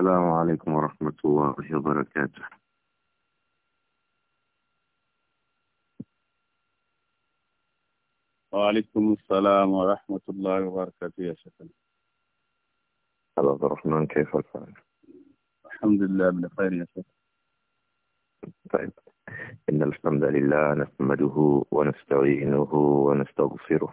السلام عليكم ورحمة الله وبركاته وعليكم السلام ورحمة الله وبركاته يا شيخنا هلا عبد الرحمن كيف الحال؟ الحمد لله بخير يا شيخ طيب إن الحمد لله نحمده ونستعينه ونستغفره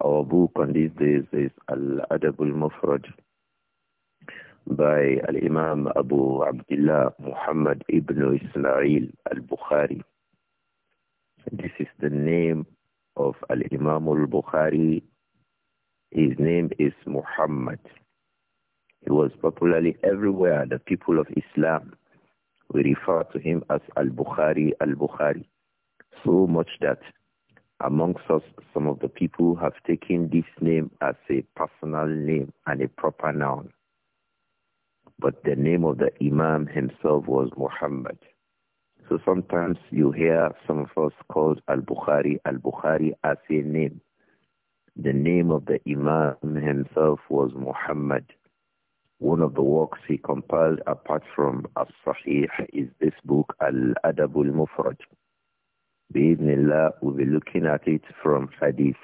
Our book on these days is Al-Adabul Mufrad by Al-Imam Abu Abdullah Muhammad ibn Ismail al-Bukhari. This is the name of Al-Imam al-Bukhari. His name is Muhammad. He was popularly everywhere, the people of Islam. We refer to him as Al-Bukhari, Al-Bukhari. So much that Amongst us, some of the people have taken this name as a personal name and a proper noun. But the name of the Imam himself was Muhammad. So sometimes you hear some of us called Al-Bukhari, Al-Bukhari as a name. The name of the Imam himself was Muhammad. One of the works he compiled apart from As-Sahih is this book, Al-Adab al-Mufraj. Bismillah, we'll be looking at it from Hadith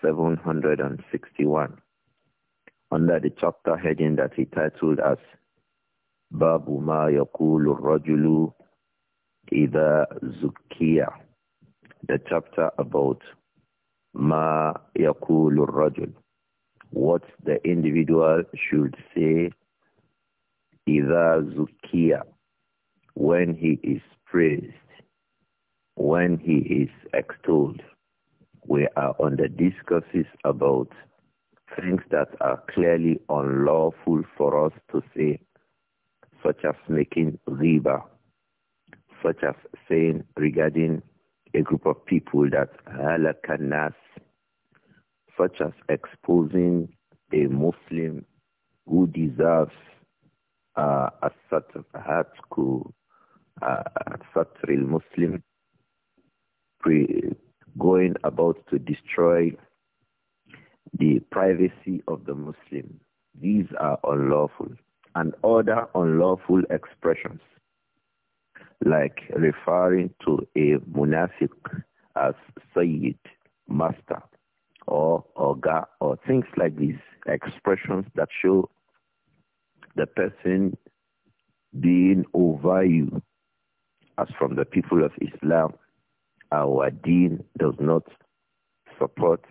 761 under the chapter heading that he titled as Babu ma yakulu rajulu ida zukiya. The chapter about ma yakulu rajul. What the individual should say ida zukiya when he is praised when he is extolled. We are on the discourses about things that are clearly unlawful for us to say, such as making riba, such as saying regarding a group of people that halakanas, such as exposing a Muslim who deserves uh, a sort of hatku, uh, a sort Muslim going about to destroy the privacy of the Muslim. These are unlawful and other unlawful expressions like referring to a munafiq as Sayyid, Master, or Oga, or things like these, expressions that show the person being over you as from the people of Islam our deen does not support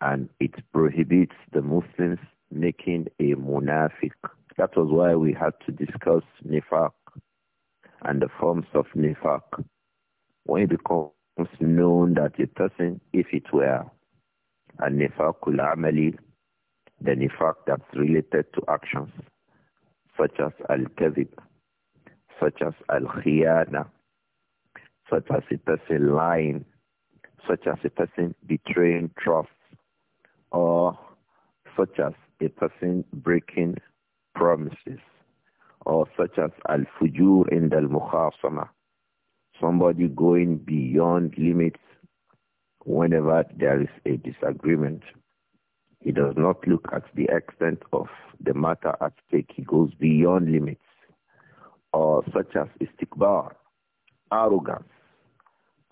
and it prohibits the Muslims making a munafiq. That was why we had to discuss nifaq and the forms of nifaq. When it becomes known that a person, if it were a nifaqul amali, the nifaq that's related to actions, such as al-kazib, such as al-khiyana, such as a person lying, such as a person betraying trust, or such as a person breaking promises, or such as al-fujur in al-mukhasama, somebody going beyond limits whenever there is a disagreement. He does not look at the extent of the matter at stake. He goes beyond limits, or such as istikbar, arrogance,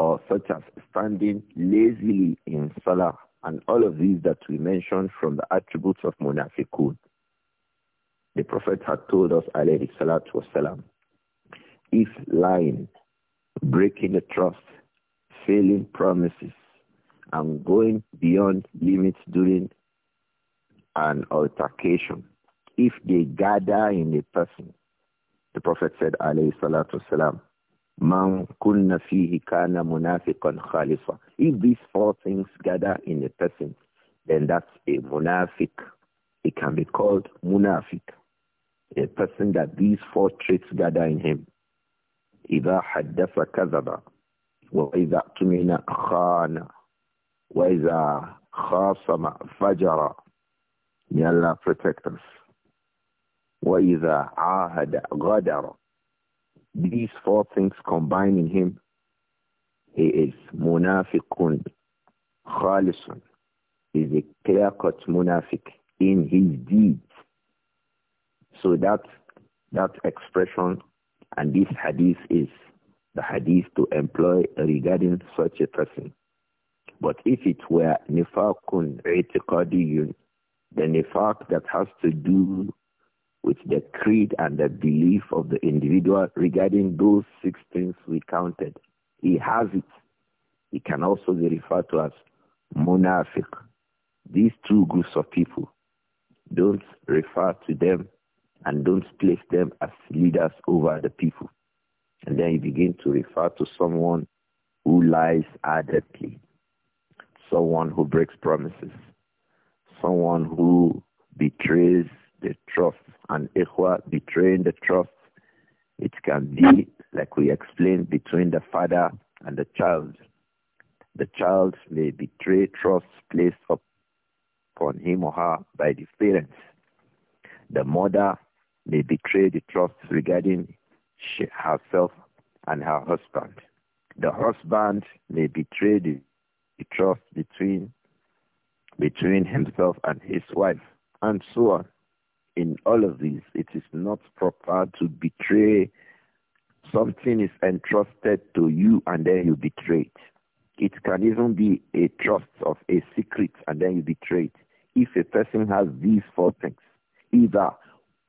or such as standing lazily in salah and all of these that we mentioned from the attributes of munafiqun. The Prophet had told us, alayhi salatu wasalam, if lying, breaking the trust, failing promises, and going beyond limits during an altercation, if they gather in a person, the Prophet said, alayhi salatu wasalam, Man kunna fihi kana munafiqan khalisa. If these four things gather in a person, then that's a munafiq. It can be called munafiq. A person that these four traits gather in him. إذا حدث كذب وإذا اؤتمن خان وإذا خاصم فجر May Allah protect us. وإذا عاهد غدر These four things combined in him, he is munafiqun, khalisun. He is a clear-cut munafiq in his deeds. So that, that expression and this hadith is the hadith to employ regarding such a person. But if it were nifaqun itiqadiyun, the nifaq that has to do with the creed and the belief of the individual regarding those six things we counted. He has it. He can also be referred to as munafiq. These two groups of people, don't refer to them and don't place them as leaders over the people. And then you begin to refer to someone who lies adeptly, someone who breaks promises, someone who betrays the trust and ikhwa betraying the trust. It can be, like we explained, between the father and the child. The child may betray trust placed upon him or her by the parents. The mother may betray the trust regarding she, herself and her husband. The husband may betray the, the trust between between himself and his wife, and so on in all of this, it is not proper to betray. Something is entrusted to you and then you betray it. It can even be a trust of a secret and then you betray it. If a person has these four things, either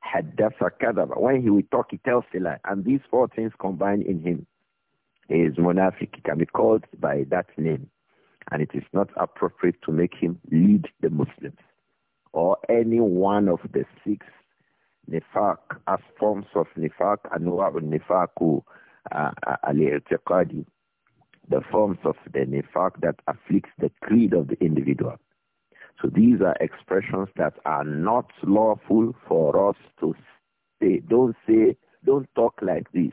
haddatha kadaba, when he will talk, he tells a lie, and these four things combined in him, is monafik. He can be called by that name, and it is not appropriate to make him lead the Muslims or any one of the six nifaq as forms of nifaq and nifaku uh, uh, al-i'tiqadi, the forms of the nifaq that afflicts the creed of the individual. So these are expressions that are not lawful for us to say. Don't say, don't talk like this.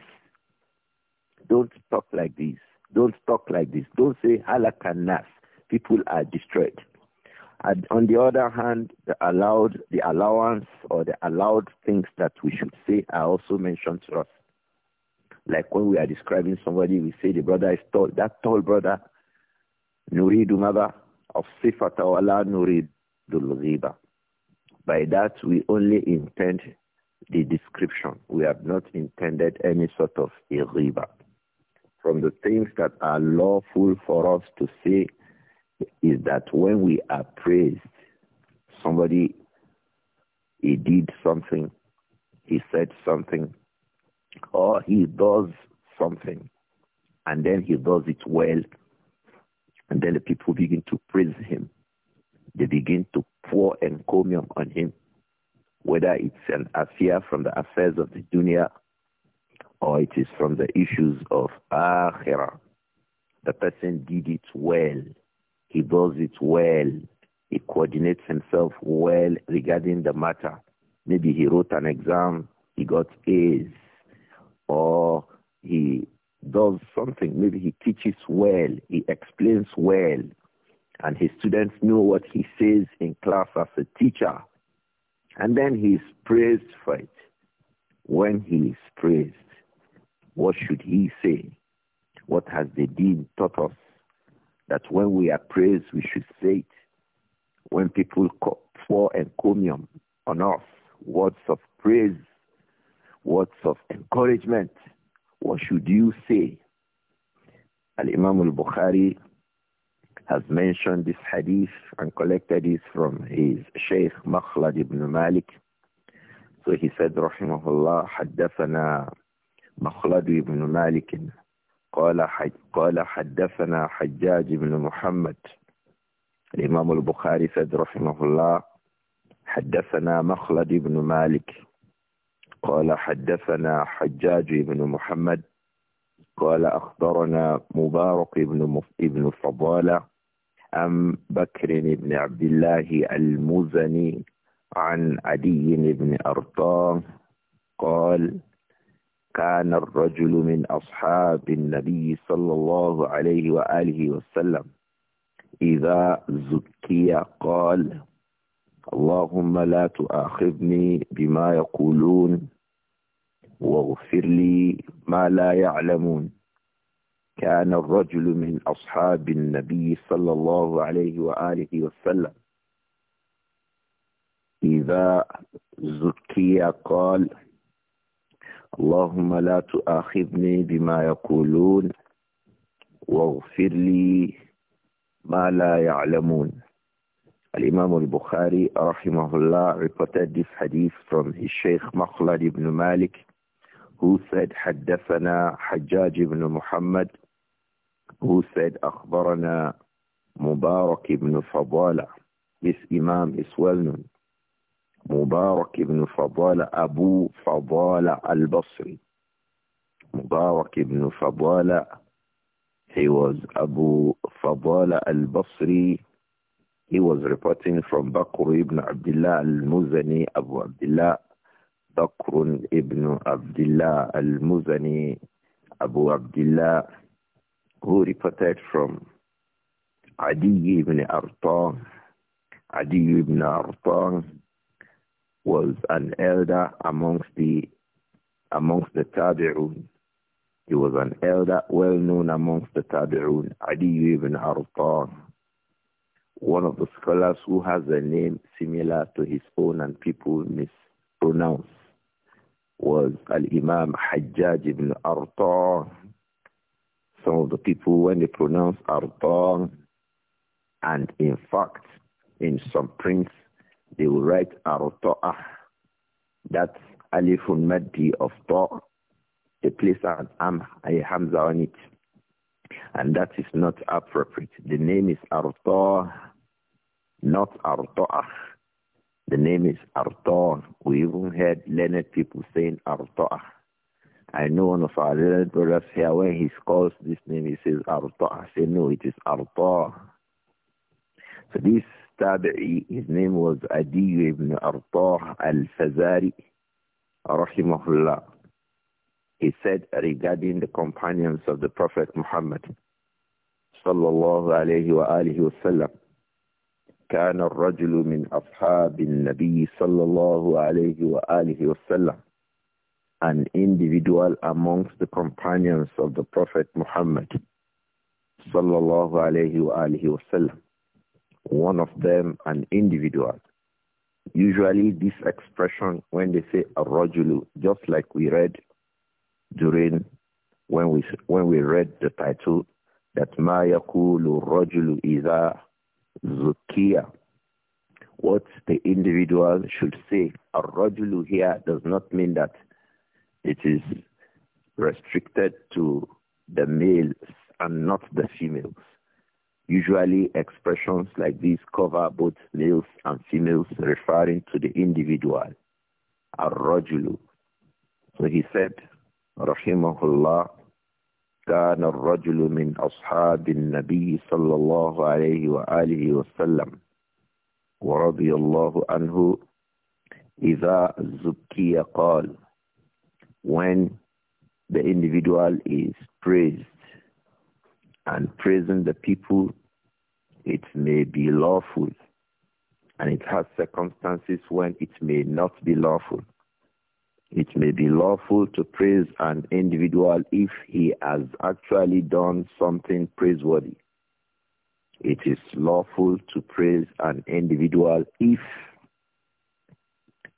Don't talk like this. Don't talk like this. Don't say halakanas. People are destroyed. And on the other hand, the allowed, the allowance or the allowed things that we should say are also mentioned to us. Like when we are describing somebody, we say the brother is tall. That tall brother, Nuridu Maba, of Sifata Wala Nuridul Ghiba. By that, we only intend the description. We have not intended any sort of a riba. From the things that are lawful for us to say is that when we are praised, somebody, he did something, he said something, or he does something, and then he does it well, and then the people begin to praise him. They begin to pour encomium on him, whether it's an affair from the affairs of the dunya or it is from the issues of akhirah. The person did it well. He does it well. He coordinates himself well regarding the matter. Maybe he wrote an exam, he got A's, or he does something. Maybe he teaches well, he explains well, and his students know what he says in class as a teacher. And then he is praised for it. When he is praised, what should he say? What has the dean taught us? that when we are praised, we should say it. When people pour encomium on us, words of praise, words of encouragement, what should you say? Al-Imam al-Bukhari has mentioned this hadith and collected it from his Sheikh Makhlad ibn Malik. So he said, رحمه الله, حدثنا مخلد ibn Malik قال حج قال حدثنا حجاج بن محمد الإمام البخاري سيد رحمه الله حدثنا مخلد بن مالك قال حدثنا حجاج بن محمد قال أخبرنا مبارك بن مف... بن فضالة أم بكر بن عبد الله المزني عن عدي بن أرطان قال كان الرجل من أصحاب النبي صلى الله عليه وآله وسلم إذا زكي قال اللهم لا تؤاخذني بما يقولون واغفر لي ما لا يعلمون كان الرجل من أصحاب النبي صلى الله عليه وآله وسلم إذا زكي قال اللهم لا تؤاخذني بما يقولون واغفر لي ما لا يعلمون الإمام البخاري رحمه الله reported this hadith from his شيخ مخلد بن مالك who said حدثنا حجاج بن محمد who said أخبرنا مبارك بن فضالة this imam is well known مبارك بن فضالة أبو فضالة البصري مبارك بن فضالة he was Abu Fadala al-Basri he was reporting from Bakr ibn Abdullah al-Muzani Abu Abdullah Bakr ibn Abdullah al-Muzani Abu Abdullah who reported from Adi ibn Arta Adi ibn Arta was an elder amongst the amongst the Tabi'un. He was an elder well known amongst the Tabi'un, Adi ibn Artan, one of the scholars who has a name similar to his own and people mispronounce was Al-Imam Hajjaj ibn Artan. Some of the people, when they pronounce Artan, and in fact, in some prints they will write Aruta'ah. That's Alifun Maddi of Tor, They place an Am, a Hamza on it. And that is not appropriate. The name is Aruta'ah, not Aruta'ah. The name is Arta'ah. We even heard learned people saying Arta'ah. I know one of our learned brothers here, when he calls this name, he says Arta'ah. I say, no, it is Arta'ah. So this tabi'i, his name was Adi ibn Artah al-Fazari, rahimahullah. He said regarding the companions of the Prophet Muhammad, sallallahu alayhi wa alihi wasallam, كان الرجل من أصحاب النبي صلى الله عليه وآله وسلم an individual amongst the companions of the Prophet Muhammad sallallahu alayhi wa alihi wasallam one of them an individual. Usually this expression, when they say a rojulu, just like we read during, when we, when we read the title, that ma yakulu rajulu idha zukiya. What the individual should say, a rojulu here does not mean that it is restricted to the males and not the females. Usually expressions like these cover both males and females referring to the individual, الرجل. So he said, رحمه الله, كان الرجل من أصحاب النبي صلى الله عليه وآله وسلم ورضي الله عنه إذا زكي قال when the individual is praised and praising the people, it may be lawful. And it has circumstances when it may not be lawful. It may be lawful to praise an individual if he has actually done something praiseworthy. It is lawful to praise an individual if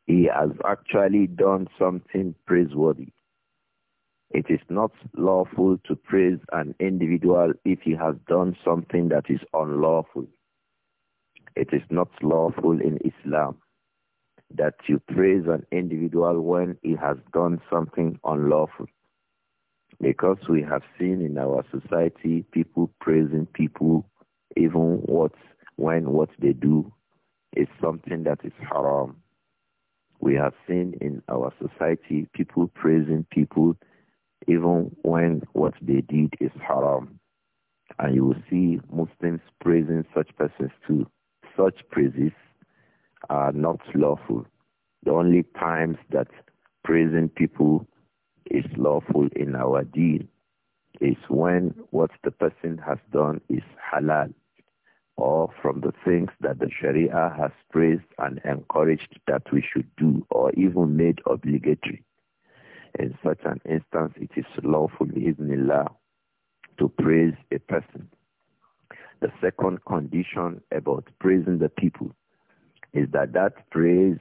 he has actually done something praiseworthy. It is not lawful to praise an individual if he has done something that is unlawful. It is not lawful in Islam that you praise an individual when he has done something unlawful. Because we have seen in our society people praising people even what when what they do is something that is haram. We have seen in our society people praising people even when what they did is haram. And you will see Muslims praising such persons too. Such praises are not lawful. The only times that praising people is lawful in our deen is when what the person has done is halal or from the things that the Sharia has praised and encouraged that we should do or even made obligatory. In such an instance, it is lawful bi'iznillah to praise a person. The second condition about praising the people is that that praise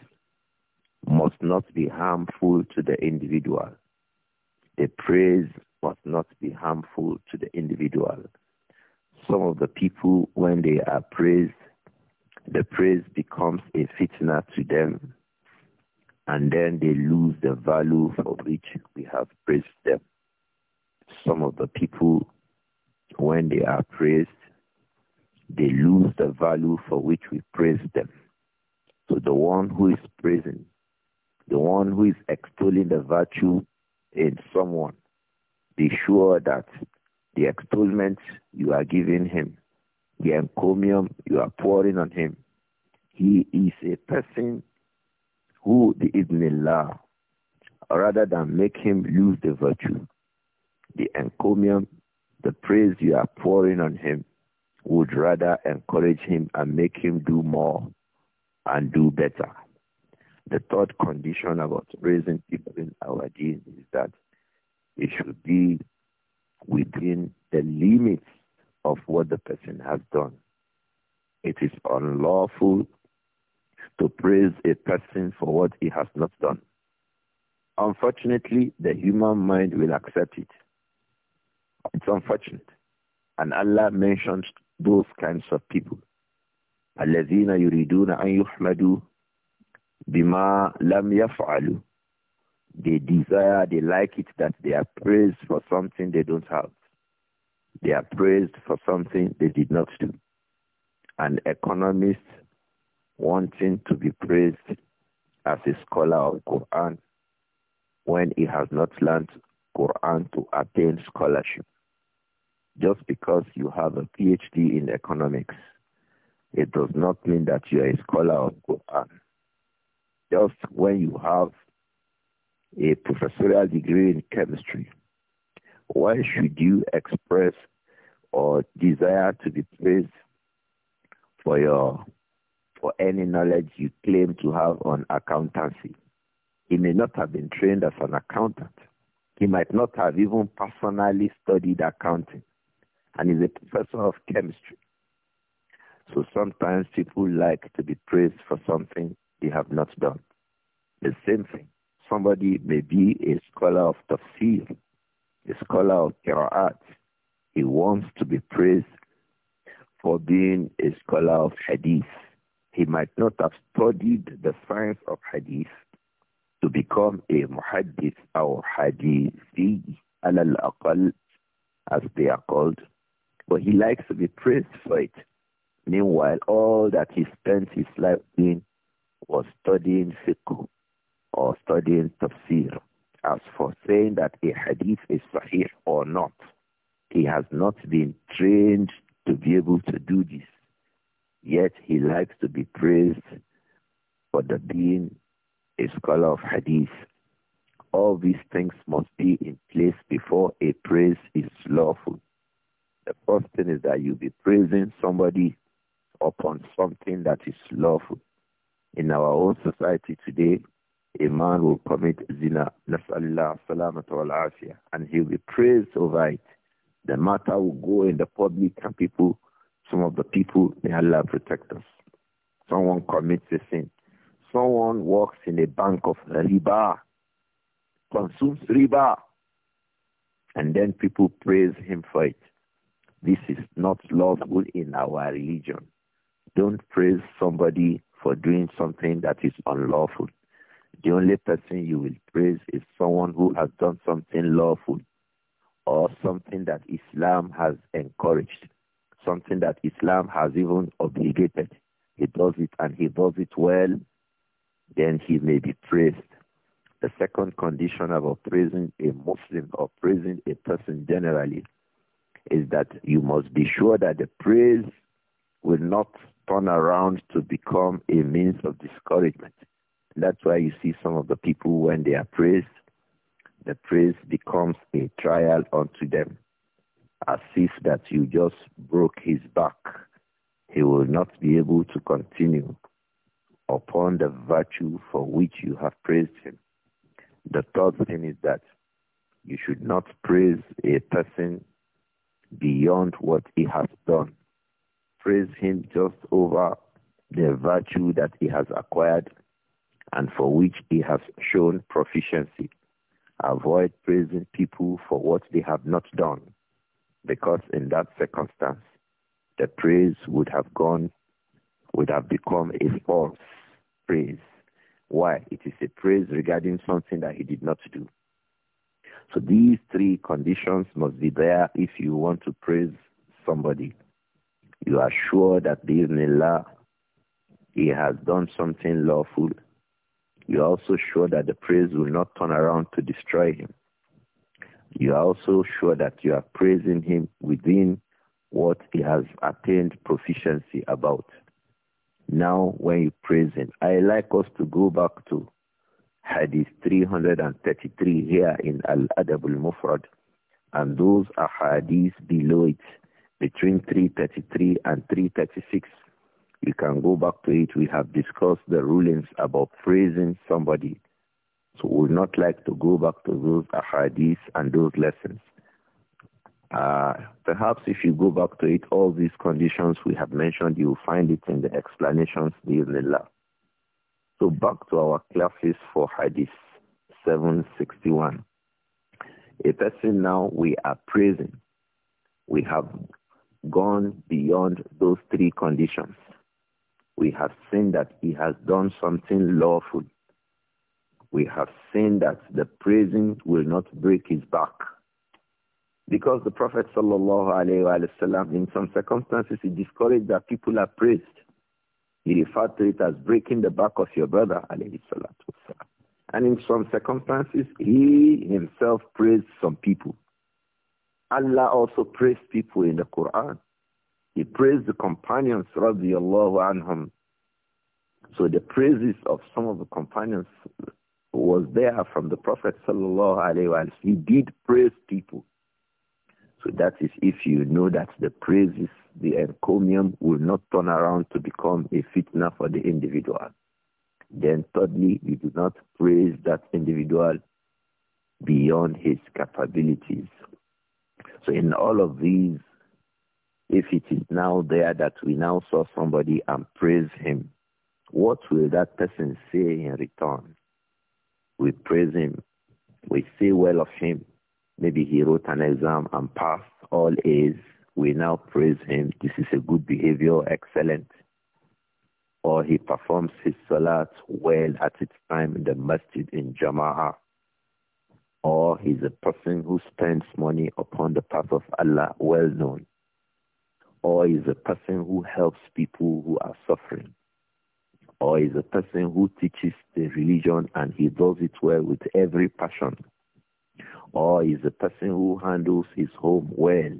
must not be harmful to the individual. The praise must not be harmful to the individual. Some of the people, when they are praised, the praise becomes a fitna to them and then they lose the value for which we have praised them. Some of the people, when they are praised, they lose the value for which we praise them. So the one who is praising, the one who is extolling the virtue in someone, be sure that the extolment you are giving him, the encomium you are pouring on him, he is a person who the idnillah, rather than make him lose the virtue, the encomium, the praise you are pouring on him, would rather encourage him and make him do more and do better. The third condition about raising people in our deen is that it should be within the limits of what the person has done. It is unlawful to praise a person for what he has not done. Unfortunately, the human mind will accept it. It's unfortunate. And Allah mentions those kinds of people. الذين يريدون أن يحمدوا بما لم يفعلوا They desire, they like it that they are praised for something they don't have. They are praised for something they did not do. And economists wanting to be praised as a scholar of Quran when he has not learned Quran to attain scholarship. Just because you have a PhD in economics, it does not mean that you are a scholar of Quran. Just when you have a professorial degree in chemistry, why should you express or desire to be praised for your or any knowledge you claim to have on accountancy. He may not have been trained as an accountant. He might not have even personally studied accounting and is a professor of chemistry. So sometimes people like to be praised for something they have not done. The same thing. Somebody may be a scholar of tafsir, a scholar of qira'at. He wants to be praised for being a scholar of hadith he might not have studied the science of hadith to become a muhaddith or hadithi aqal as they are called, but he likes to be praised for it. Meanwhile, all that he spent his life in was studying fiqh or studying tafsir. As for saying that a hadith is sahih or not, he has not been trained to be able to do this. Yet he likes to be praised for the being a scholar of hadith. All these things must be in place before a praise is lawful. The first thing is that you be praising somebody upon something that is lawful. In our own society today, a man will commit zina, and he'll be praised over it. The matter will go in the public and people some of the people, may Allah protect us. Someone commits a sin. Someone works in a bank of riba, consumes riba, and then people praise him for it. This is not lawful in our religion. Don't praise somebody for doing something that is unlawful. The only person you will praise is someone who has done something lawful or something that Islam has encouraged something that Islam has even obligated. He does it and he does it well, then he may be praised. The second condition of praising a Muslim or praising a person generally is that you must be sure that the praise will not turn around to become a means of discouragement. That's why you see some of the people when they are praised, the praise becomes a trial unto them as if that you just broke his back. He will not be able to continue upon the virtue for which you have praised him. The third thing is that you should not praise a person beyond what he has done. Praise him just over the virtue that he has acquired and for which he has shown proficiency. Avoid praising people for what they have not done. Because in that circumstance, the praise would have gone, would have become a false praise. Why? It is a praise regarding something that he did not do. So these three conditions must be there if you want to praise somebody. You are sure that Allah, he has done something lawful. You are also sure that the praise will not turn around to destroy him you are also sure that you are praising him within what he has attained proficiency about. Now, when you praise him, I like us to go back to Hadith 333 here in Al-Adab al-Mufrad and those are Hadiths below it between 333 and 336. You can go back to it. We have discussed the rulings about praising somebody so we would not like to go back to those ahadith and those lessons. Uh, perhaps if you go back to it, all these conditions we have mentioned, you will find it in the explanations, bi'idhnillah. So back to our classes for hadith 761. A person now we are praising. We have gone beyond those three conditions. We have seen that he has done something lawful we have seen that the praising will not break his back. Because the Prophet ﷺ, in some circumstances, he discouraged that people are praised. He referred to it as breaking the back of your brother. And in some circumstances, he himself praised some people. Allah also praised people in the Quran. He praised the companions, radiallahu anhum. So the praises of some of the companions was there from the Prophet sallallahu alaihi wasallam. He did praise people. So that is if you know that the praises, the encomium will not turn around to become a fitna for the individual. Then thirdly, you do not praise that individual beyond his capabilities. So in all of these, if it is now there that we now saw somebody and praise him, what will that person say in return? We praise him. We say well of him. Maybe he wrote an exam and passed all A's. We now praise him. This is a good behavior, excellent. Or he performs his salat well at its time in the masjid in Jama'ah or he's a person who spends money upon the path of Allah, well known, or he's a person who helps people who are suffering, or is a person who teaches the religion and he does it well with every passion, or is a person who handles his home well,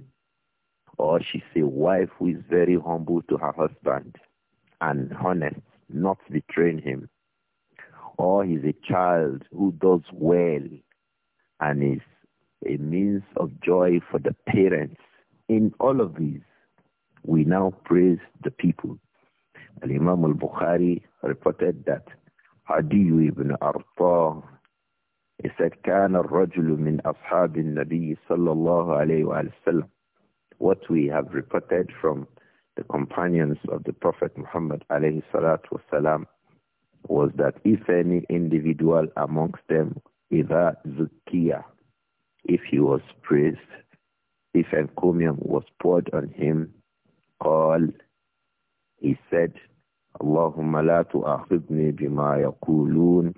or she's a wife who is very humble to her husband and honest, not betraying him, or he's a child who does well and is a means of joy for the parents. In all of these, we now praise the people Al-Imam al-Bukhari reported that Adi ibn Arta, he said, كان الرجل من أصحاب النبي صلى الله عليه وسلم. What we have reported from the companions of the Prophet Muhammad alayhi salatu wasalam was that if any individual amongst them, إذا زكية, if he was praised, if encomium was poured on him, قال He said, اللهم لا تؤاخذني بما يقولون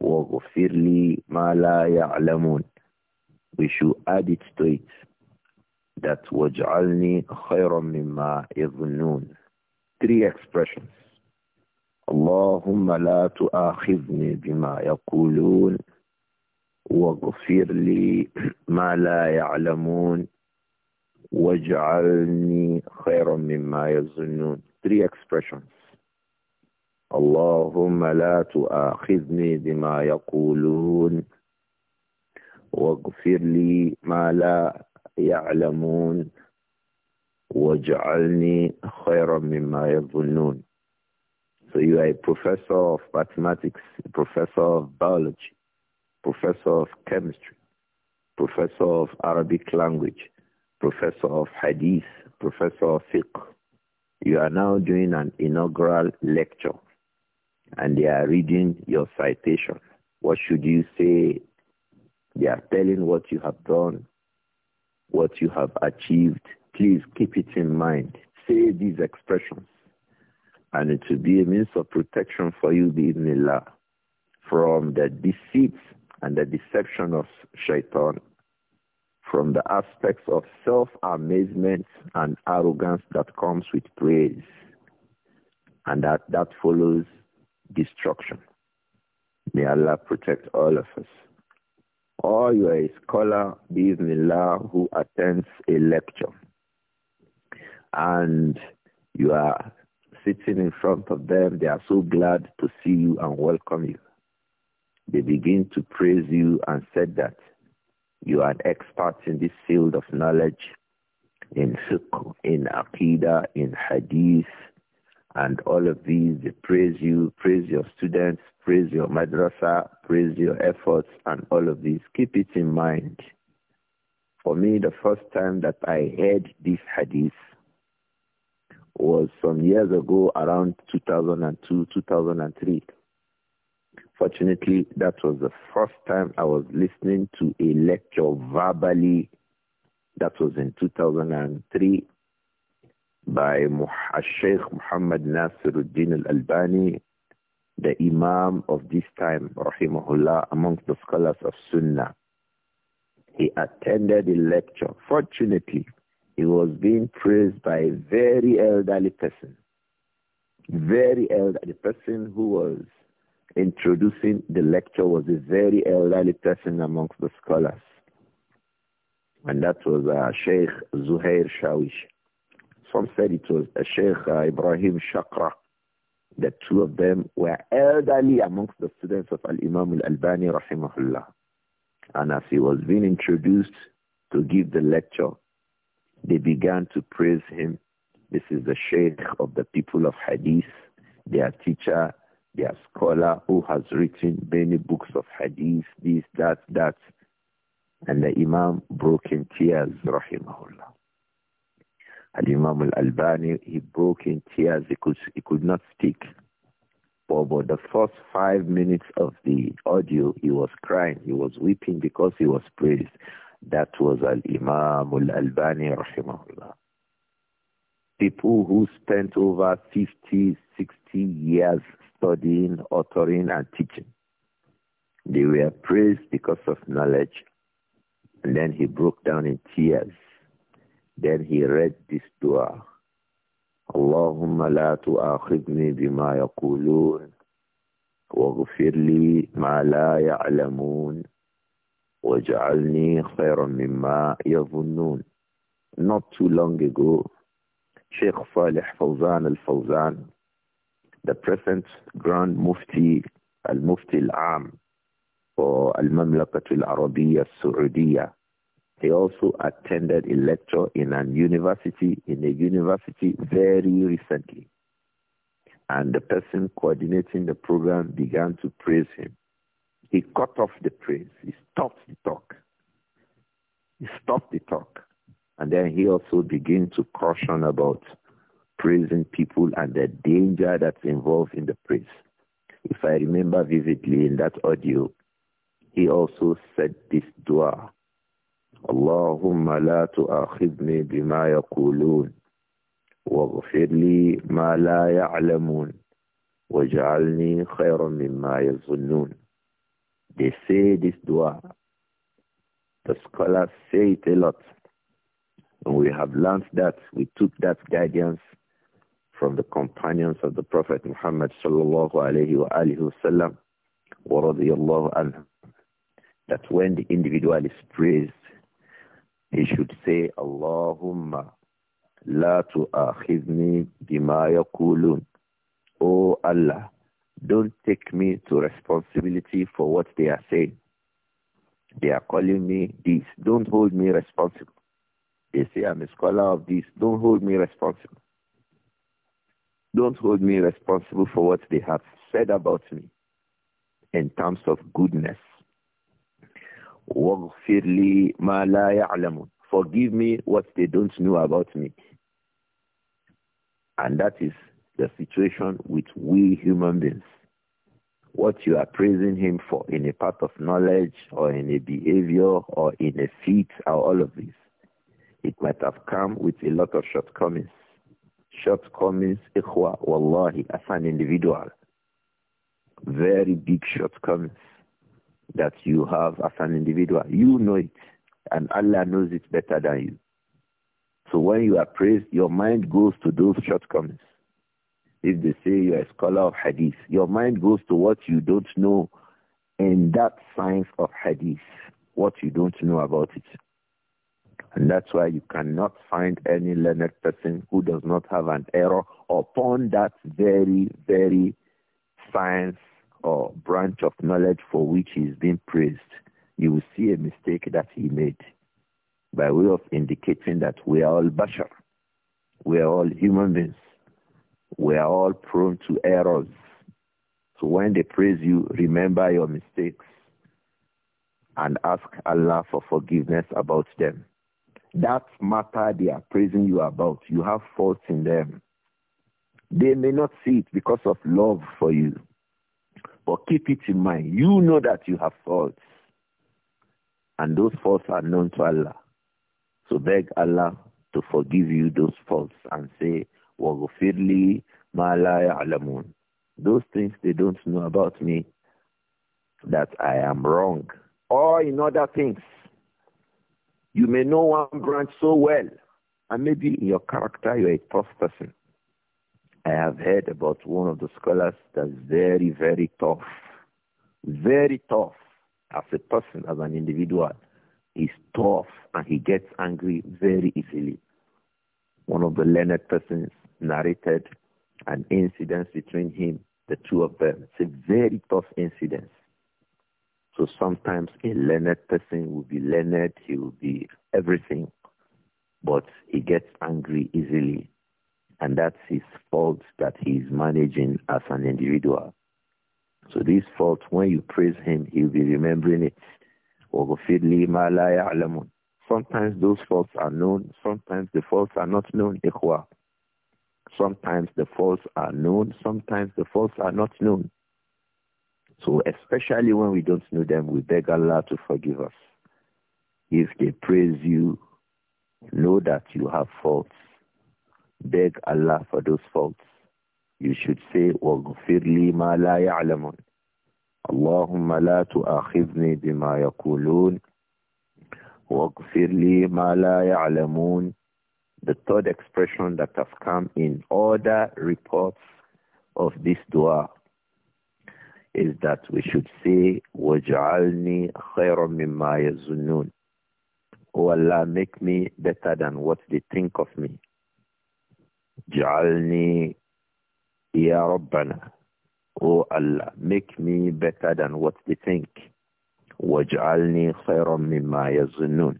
واغفر لي ما لا يعلمون. We should add it to it that واجعلني خيرا مما يظنون. Three expressions. اللهم لا تؤاخذني بما يقولون واغفر لي ما لا يعلمون وَاجْعَلْنِي خَيْرًا مِمَّا يَظُنُّونَ Three expressions. اللهم لا تؤاخذني بما يقولون واغفر لي ما لا يعلمون واجعلني خيرا مما يظنون So you are a professor of mathematics, professor of biology, professor of chemistry, professor of Arabic language, professor of hadith, professor of fiqh. You are now doing an inaugural lecture and they are reading your citation. What should you say? They are telling what you have done, what you have achieved. Please keep it in mind. Say these expressions and it will be a means of protection for you, Bismillah, from the deceits and the deception of shaitan from the aspects of self-amazement and arrogance that comes with praise and that that follows destruction. May Allah protect all of us. Or you are a scholar, bismillah, who attends a lecture and you are sitting in front of them. They are so glad to see you and welcome you. They begin to praise you and said that you are an expert in this field of knowledge, in fiqh, in aqidah, in hadith, and all of these. They praise you, praise your students, praise your madrasa, praise your efforts, and all of these. Keep it in mind. For me, the first time that I heard this hadith was some years ago, around 2002, 2003. Fortunately, that was the first time I was listening to a lecture verbally. That was in 2003 by uh, Sheikh Muhammad Nasiruddin al-Albani, the Imam of this time, rahimahullah, amongst the scholars of Sunnah. He attended the lecture. Fortunately, he was being praised by a very elderly person. Very elderly, person who was introducing the lecture was a very elderly person amongst the scholars. And that was uh, Sheikh Zuhair Shawish. Some said it was uh, Sheikh uh, Ibrahim Shakra. The two of them were elderly amongst the students of Al-Imam Al-Albani rahimahullah. And as he was being introduced to give the lecture, they began to praise him. This is the Sheikh of the people of Hadith, their teacher, a scholar who has written many books of hadith, this, that, that. And the Imam broke in tears, rahimahullah. And Imam al-Albani, he broke in tears. He could, he could not speak. For about the first five minutes of the audio, he was crying. He was weeping because he was praised. That was al-Imam al-Albani, rahimahullah. People who spent over 50, 60 years studying, authoring, and teaching. They were praised because of knowledge. And then he broke down in tears. Then he read this dua. اللهم لا تؤاخذني بما يقولون واغفر لي ما wa يعلمون واجعلني خيرا مما يظنون Not too long ago, Sheikh Falih Fawzan al-Fawzan the present Grand Mufti, Al-Mufti Al-Am, for Al-Mamlakat Al-Arabiya Saudiya. He also attended a lecture in an university, in a university very recently. And the person coordinating the program began to praise him. He cut off the praise. He stopped the talk. He stopped the talk. And then he also began to caution about praising people and the danger that's involved in the praise. If I remember vividly in that audio, he also said this dua. Allahumma la tu'akhidni bima yaqulun waghfir li ma la ya'lamun waj'alni khayran mimma yazunnun. They say this dua. The scholars say it a lot. And we have learned that. We took that guidance from the companions of the Prophet Muhammad sallallahu alayhi wa alihi wasallam anhu, that when the individual is praised, he should say, Allahumma la tu'akhidni bima yakulun. Oh Allah, don't take me to responsibility for what they are saying. They are calling me this. Don't hold me responsible. They say I'm a scholar of this. Don't hold me responsible. Don't hold me responsible for what they have said about me in terms of goodness. Forgive me what they don't know about me. And that is the situation with we human beings. What you are praising him for in a part of knowledge or in a behavior or in a feat or all of this, it might have come with a lot of shortcomings shortcomings, ikhwa, wallahi, as an individual. Very big shortcomings that you have as an individual. You know it, and Allah knows it better than you. So when you are praised, your mind goes to those shortcomings. If they say you are a scholar of hadith, your mind goes to what you don't know in that science of hadith, what you don't know about it. And that's why you cannot find any learned person who does not have an error upon that very, very science or branch of knowledge for which he is being praised. You will see a mistake that he made by way of indicating that we are all bashar. We are all human beings. We are all prone to errors. So when they praise you, remember your mistakes and ask Allah for forgiveness about them. That matter they are praising you about, you have faults in them. They may not see it because of love for you. But keep it in mind. You know that you have faults. And those faults are known to Allah. So beg Allah to forgive you those faults and say, وَغُفِرْلِي مَا لَا يَعْلَمُونَ Those things they don't know about me, that I am wrong. Or in other things, you may know one branch so well, and maybe in your character you're a tough person. I have heard about one of the scholars that's very, very tough, very tough as a person, as an individual. He's tough and he gets angry very easily. One of the learned persons narrated an incident between him, the two of them. It's a very tough incident. So sometimes a learned person will be learned, he will be everything, but he gets angry easily. And that's his fault that he is managing as an individual. So this fault, when you praise him, he'll be remembering it. Sometimes those faults are known, sometimes the faults are not known. Sometimes the faults are known, sometimes the faults are not known. So especially when we don't know them, we beg Allah to forgive us. If they praise you, know that you have faults. Beg Allah for those faults. You should say, وَغْفِرْ لِي مَا لَا يَعْلَمُونَ اللهم لا تؤاخذني بما يقولون واغفر لي ما لا يعلمون The third expression that has come in other reports of this dua is that we should say, وَجْعَلْنِي خَيْرًا مِمَّا يَزُنُّونَ O Allah, make me better than what they think of me. جعلني يا ربنا O Allah, make me better than what they think. وَجْعَلْنِي خَيْرًا مِمَّا يَزُنُّونَ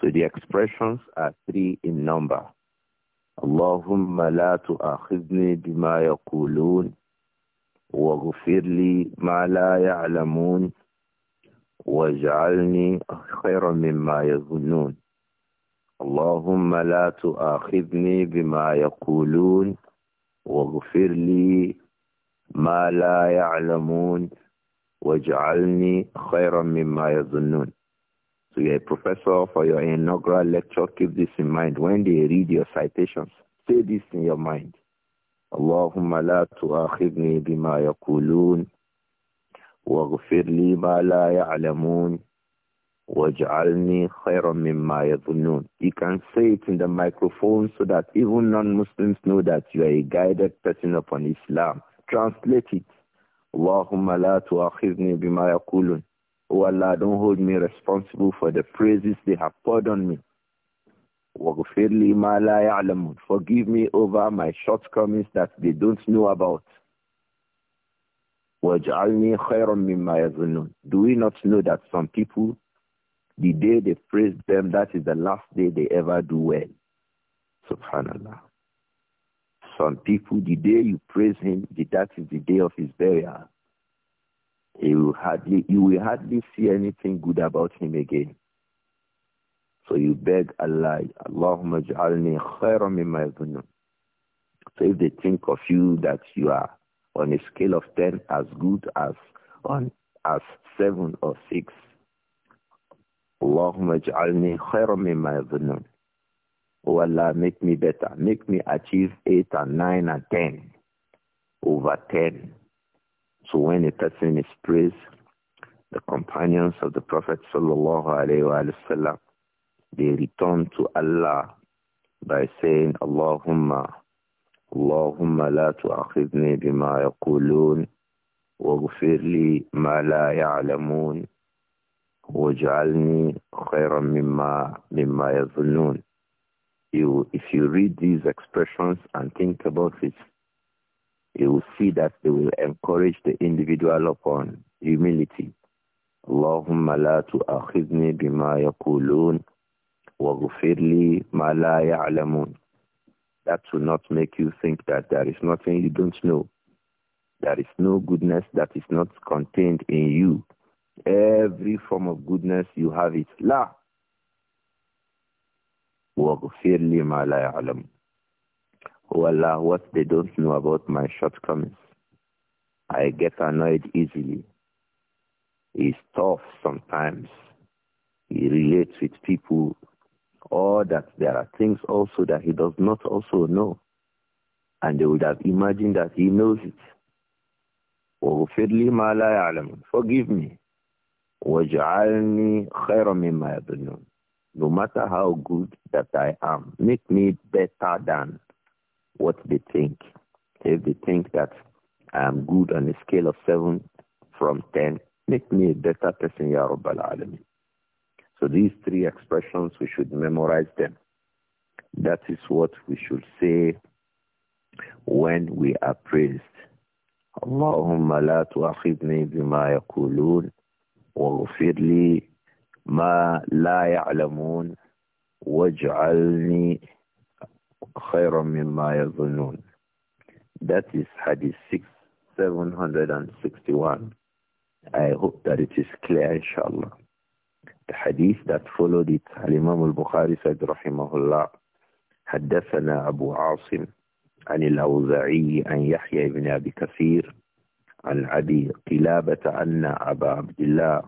So the expressions are three in number. اللهم لا تؤاخذني بما يقولون واغفر لي ما لا يعلمون واجعلني خيرا مما يظنون اللهم لا تؤاخذني بما يقولون واغفر لي ما لا يعلمون واجعلني خيرا مما يظنون So you're professor for your inaugural lecture, keep this in mind. When they read your citations, say this in your mind. اللهم لا تؤاخذني بما يقولون واغفر لي ما لا يعلمون واجعلني خيرا مما يظنون You can say it in the microphone so that even non-Muslims know that you are a guided person upon Islam. Translate it. اللهم لا تؤاخذني بما يقولون Oh Allah, don't hold me responsible for the praises they have poured on me. Forgive me over my shortcomings that they don't know about. Do we not know that some people, the day they praise them, that is the last day they ever do well? Subhanallah. Some people, the day you praise him, that is the day of his burial. You will hardly, you will hardly see anything good about him again. So you beg Allah, Allahumma ja'alni khairan mimma yadhunnun. So if they think of you that you are on a scale of 10 as good as on as 7 or 6, Allahumma ja'alni khairan mimma yadhunnun. Oh Allah, make me better. Make me achieve 8 and 9 and 10 over 10. So when a person is praised, the companions of the Prophet sallallahu alaihi wasallam they return to Allah by saying, Allahumma, Allahumma la tu'akhidni bima yaqulun, واغفر لي ما لا يعلمون واجعلني خيرا مما مما يظنون you, if you read these expressions and think about it, you will see that they will encourage the individual upon humility. اللهم لا تؤاخذني بما يقولون وَغُفِرْ لِي مَا That will not make you think that there is nothing you don't know. There is no goodness that is not contained in you. Every form of goodness, you have it. La. وَغُفِرْ لِي مَا Oh Allah, what they don't know about my shortcomings. I get annoyed easily. He's tough sometimes. He relates with people or that there are things also that he does not also know. And they would have imagined that he knows it. Forgive me. No matter how good that I am, make me better than what they think. If they think that I am good on a scale of 7 from 10, make me a better person, Ya Rabbal Alameen. So these three expressions, we should memorize them. That is what we should say when we are praised. اللهم لا تؤاخذني wa يقولون واغفر لي ما لا يعلمون واجعلني خيرا ma يظنون That is Hadith 6, 761. I hope that it is clear, inshallah. الحديث hadith that followed it, Al-Imam al-Bukhari said, rahimahullah, حدثنا أبو عاصم عن الأوزعي عن يحيى بن أبي كثير عن أبي قلابة أن أبا عبد الله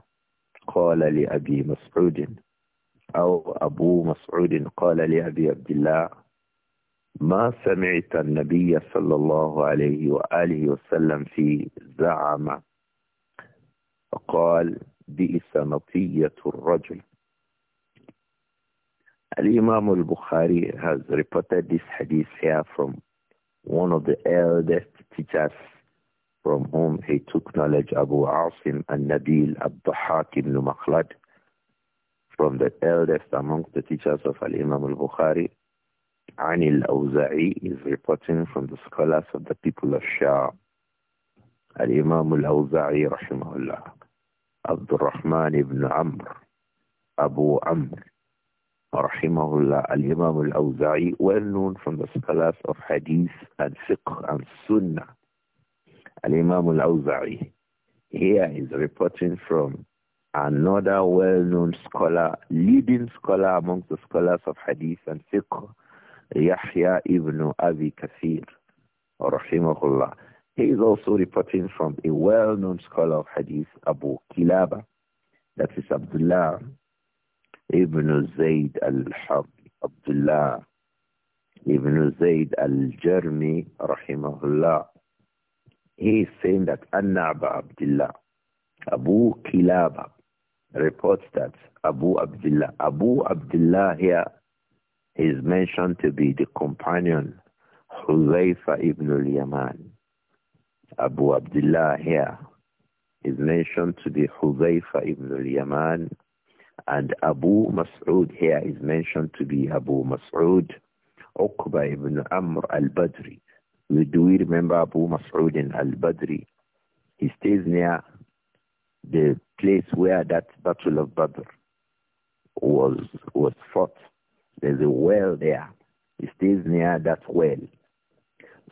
قال لأبي مسعود أو أبو مسعود قال لأبي عبد الله ما سمعت النبي صلى الله عليه وآله وسلم في زعم فقال بئس نطية الرجل. Al-Imam al-Bukhari has reported this hadith here from one of the eldest teachers from whom he took knowledge, Abu Asim al-Nabil al-Dhahak ibn Makhlad, from the eldest among the teachers of Al-Imam al-Bukhari. Anil al-Awza'i is reporting from the scholars of the people of Shah. Al-Imam al-Awza'i rahimahullah. عبد الرحمن بن عمرو Abu Amr rahimahullah al الإمام الأوزاعي awzai well known from the scholars of hadith and fiqh and sunnah al الأوزاعي awzai here is reporting from another well-known scholar leading scholar among the scholars of hadith and fiqh Yahya ibn Abi رحمه rahimahullah He is also reporting from a well-known scholar of hadith, Abu Kilaba, that is Abdullah ibn Zayd al-Hab, Abdullah ibn Zayd al-Jarmi, rahimahullah. He is saying that Anna'ba Abu Abdullah, Abu Kilaba, reports that Abu Abdullah, Abu Abdullah here is mentioned to be the companion Huzaifa ibn al-Yaman. Abu Abdullah here is mentioned to be Huzaifa ibn al-Yaman and Abu Mas'ud here is mentioned to be Abu Mas'ud Uqba ibn Amr al-Badri. Do we remember Abu Mas'ud al-Badri? He stays near the place where that Battle of Badr was was fought. There's a well there. He stays near that well.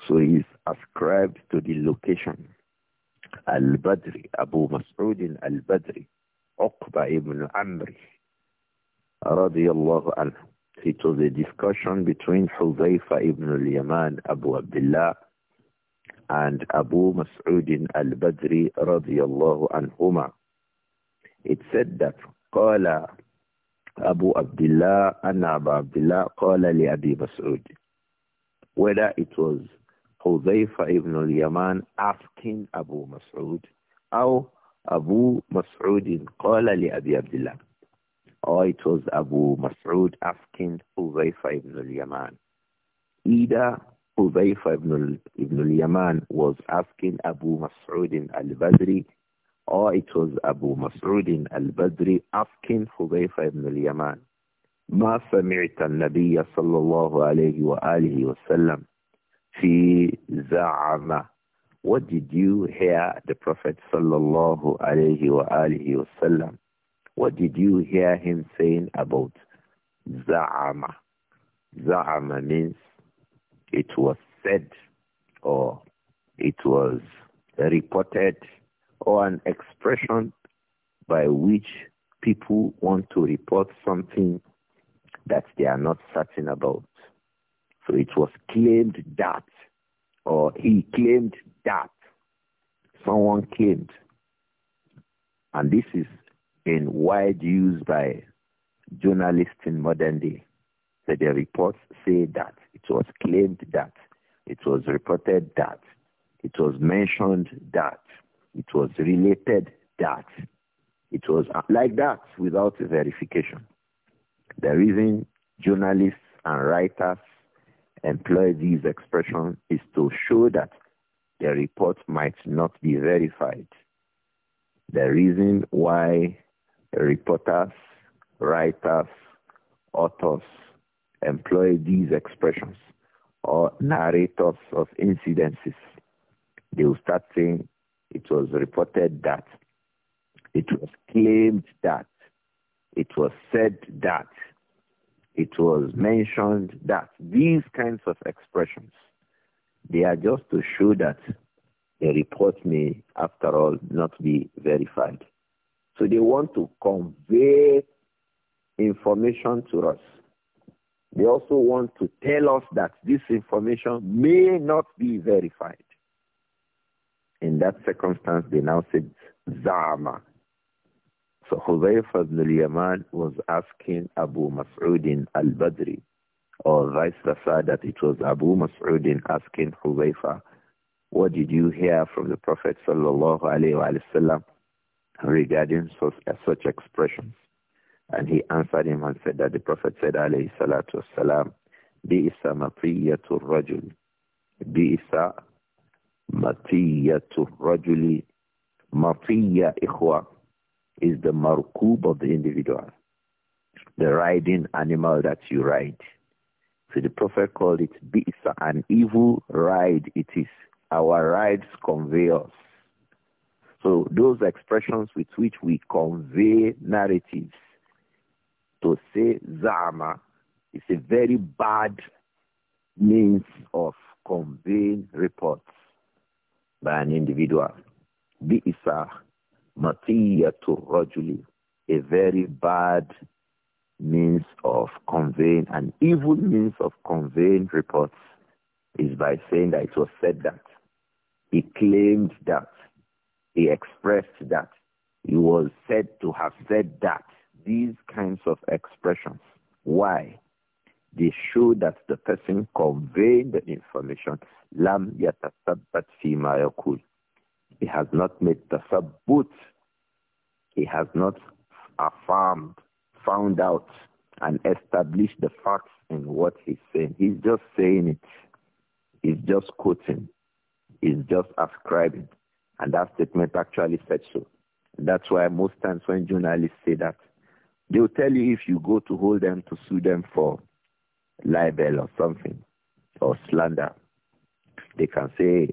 So he's ascribed to the location. Al-Badri, Abu Mas'ud Al-Badri, Uqba ibn Amr, radiyallahu anhu. It was a discussion between Huzaifa ibn al-Yaman, Abu Abdullah, and Abu Mas'ud al-Badri, radiyallahu anhuma. It said that, قال Abu Abdullah, الله أن أبا عبد الله قال whether it was Hudhaifa ibn al-Yaman asking Abu Mas'ud, أو أبو مسعود قال لأبي عبد الله or it was Abu Mas'ud asking Huzaifa ibn al-Yaman. Either Huzaifa ibn, ibn al-Yaman was asking Abu Mas'ud al-Badri or it was Abu Mas'ud al-Badri asking Huzaifa ibn al-Yaman. ما سمعت النبي صلى الله عليه وآله وسلم fi za'ama. What did you hear the Prophet sallallahu alayhi wa alihi wasallam? What did you hear him saying about za'ama? Za'ama means it was said or it was reported or an expression by which people want to report something that they are not certain about it was claimed that, or he claimed that, someone claimed. And this is in wide use by journalists in modern day. That the reports say that, it was claimed that, it was reported that, it was mentioned that, it was related that. It was like that without verification. The reason journalists and writers employ these expressions is to show that the report might not be verified. The reason why reporters, writers, authors employ these expressions or narrators of incidences, they will start saying it was reported that, it was claimed that, it was said that, it was mentioned that these kinds of expressions, they are just to show that the report may, after all, not be verified. So they want to convey information to us. They also want to tell us that this information may not be verified. In that circumstance, they now said, Zama. So Hudayfa ibn al-Yaman was asking Abu Mas'udin al-Badri, or vice versa, that it was Abu Mas'udin asking Hudayfa, what did you hear from the Prophet sallallahu alayhi sallam regarding uh, such, expressions? And he answered him and said that the Prophet said alayhi salatu wasalam, بِئِسَ مَطِيَّةُ الرَّجُلِ بِئِسَ مَطِيَّةُ الرَّجُلِ مَطِيَّ إِخْوَةُ is the markub of the individual, the riding animal that you ride. So the prophet called it bisa, an evil ride it is. Our rides convey us. So those expressions with which we convey narratives to say zama is a very bad means of conveying reports by an individual. Bi'isa Matiyatul Rajuli, a very bad means of conveying, an evil means of conveying reports is by saying that it was said that. He claimed that. He expressed that. He was said to have said that. These kinds of expressions. Why? They show that the person conveyed the information, lam yatasabbat ma yakul. He has not made the sabbut he has not affirmed, found out, and established the facts in what he's saying. He's just saying it. He's just quoting. He's just ascribing. And that statement actually said so. that's why most times when journalists say that, they'll tell you if you go to hold them to sue them for libel or something or slander, they can say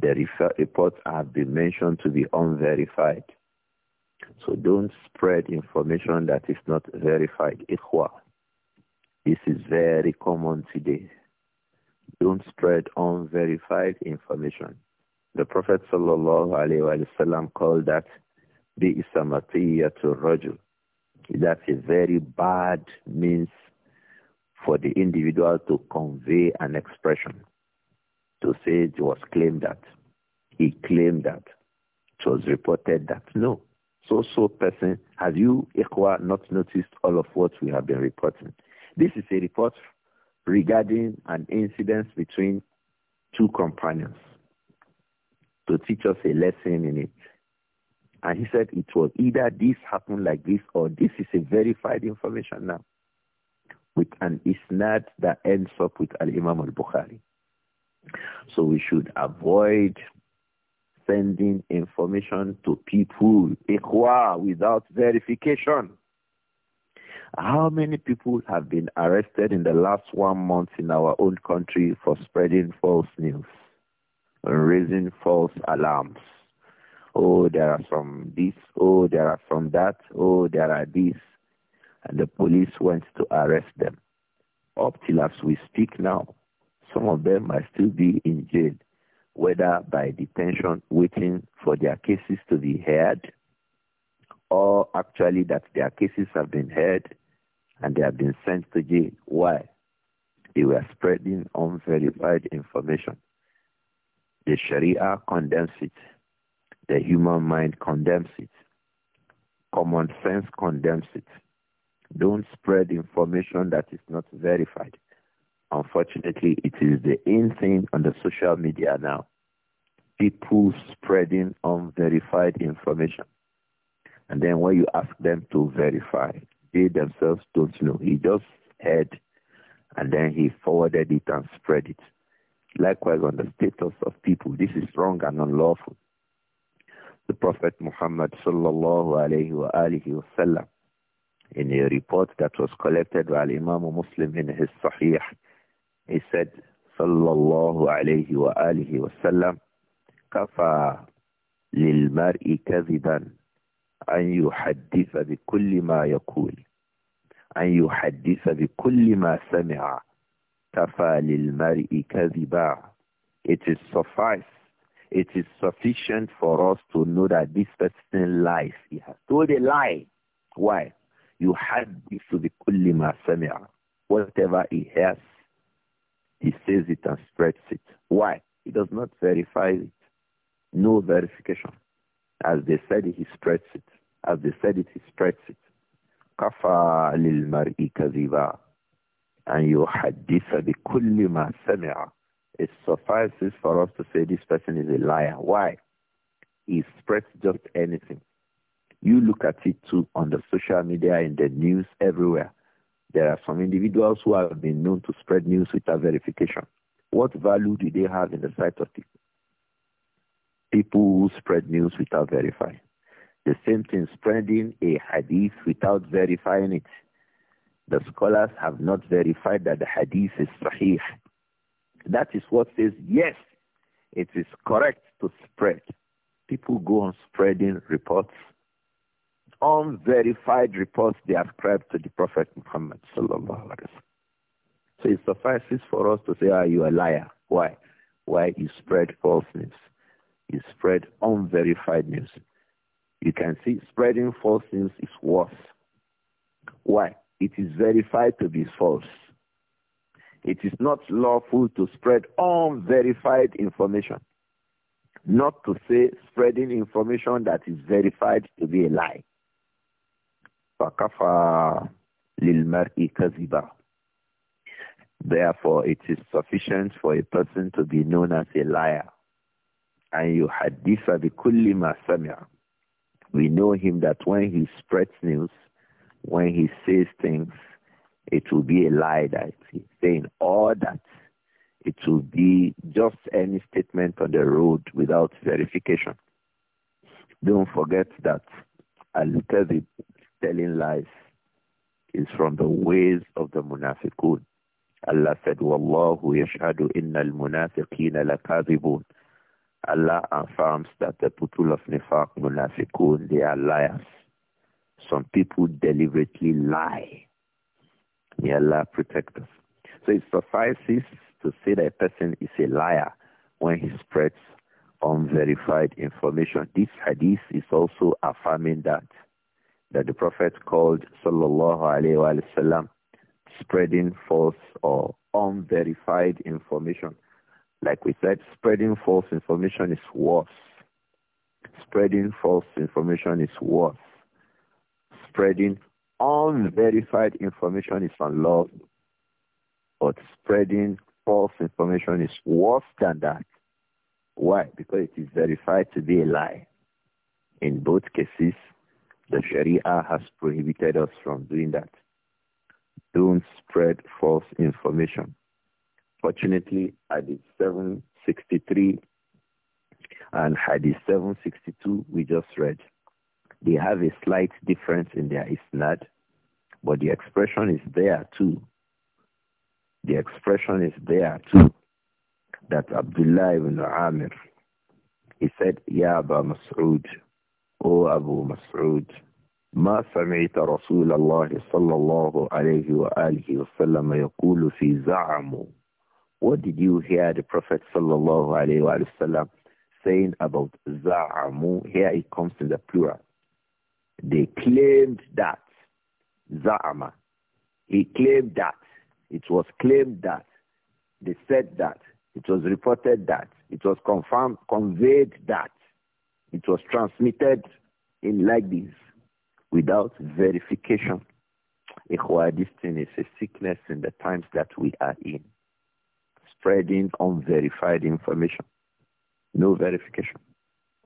the report have been mentioned to be unverified. So don't spread information that is not verified. Ikhwa. This is very common today. Don't spread unverified information. The Prophet ﷺ called that the to Rajul. That's a very bad means for the individual to convey an expression. To say it was claimed that. He claimed that. It was reported that. No so-so person, have you, equa not noticed all of what we have been reporting? This is a report regarding an incident between two companions to teach us a lesson in it. And he said it was either this happened like this or this is a verified information now with an isnad that ends up with Al-Imam al-Bukhari. So we should avoid sending information to people ikhwa, without verification. How many people have been arrested in the last one month in our own country for spreading false news and raising false alarms? Oh, there are some this. Oh, there are some that. Oh, there are this. And the police went to arrest them. Up till as we speak now, some of them might still be in jail whether by detention waiting for their cases to be heard or actually that their cases have been heard and they have been sent to jail. Why? They were spreading unverified information. The Sharia condemns it. The human mind condemns it. Common sense condemns it. Don't spread information that is not verified. Unfortunately, it is the in thing on the social media now. People spreading unverified information. And then when you ask them to verify, they themselves don't know. He just heard and then he forwarded it and spread it. Likewise on the status of people, this is wrong and unlawful. The Prophet Muhammad sallallahu alayhi wa alihi wasallam in a report that was collected by Imam Muslim in his Sahih he said, sallallahu alayhi wa alihi wa sallam, kafa lil mar'i kadhiban an yuhadditha bi kulli ma yakul, an yuhadditha bi kulli ma sami'a kafa lil mar'i kadhiba it is suffice it is sufficient for us to know that this person lies he has told a lie why you had this to the kulli ma sami'a whatever he hears he says it and spreads it. Why? He does not verify it. No verification. As they said it, he spreads it. As they said it, he spreads it. كفى للمرء كذبا أن يحدث بكل ما سمع It suffices for us to say this person is a liar. Why? He spreads just anything. You look at it too on the social media, in the news, everywhere. There are some individuals who have been known to spread news without verification. What value do they have in the sight of people? People who spread news without verifying. The same thing, spreading a hadith without verifying it. The scholars have not verified that the hadith is sahih. That is what says, yes, it is correct to spread. People go on spreading reports unverified reports they ascribe to the Prophet Muhammad sallallahu alaihi So it suffices for us to say, ah, "Are you a liar? Why? Why you spread false news? You spread unverified news. You can see spreading false news is worse. Why? It is verified to be false. It is not lawful to spread unverified information. Not to say spreading information that is verified to be a lie. فَكَفَى لِلْمَرْءِ كَذِبًا Therefore, it is sufficient for a person to be known as a liar. And you hadith بِكُلِّ مَا سَمِعَ We know him that when he spreads news, when he says things, it will be a lie that he's saying, or that it will be just any statement on the road without verification. Don't forget that al-kadhib telling lies is from the ways of the munafiqun. Allah said, وَاللَّهُ يَشْهَدُ إِنَّ الْمُنَافِقِينَ لَكَاذِبُونَ Allah affirms that the people of Nifaq Munafiqun, they are liars. Some people deliberately lie. May Allah protect us. So it suffices to say that a person is a liar when he spreads unverified information. This hadith is also affirming that that the Prophet called sallallahu alaihi wasallam spreading false or unverified information. Like we said, spreading false information is worse. Spreading false information is worse. Spreading unverified information is unlawful. But spreading false information is worse than that. Why? Because it is verified to be a lie. In both cases, the Sharia has prohibited us from doing that. Don't spread false information. Fortunately, Hadith 763 and Hadith 762 we just read, they have a slight difference in their isnad, but the expression is there too. The expression is there too that Abdullah ibn Amir, he said, Ya Aba Mas'ud, O Abu Mas'ud, What did you hear the Prophet sallallahu alayhi wa sallam saying about za'amu? Here it comes in the plural. They claimed that. Za'ama. He claimed that. It was claimed that. They said that. It was reported that. It was confirmed, conveyed that. It was transmitted in like this without verification. Ikhwa, this thing is a sickness in the times that we are in. Spreading unverified information. No verification.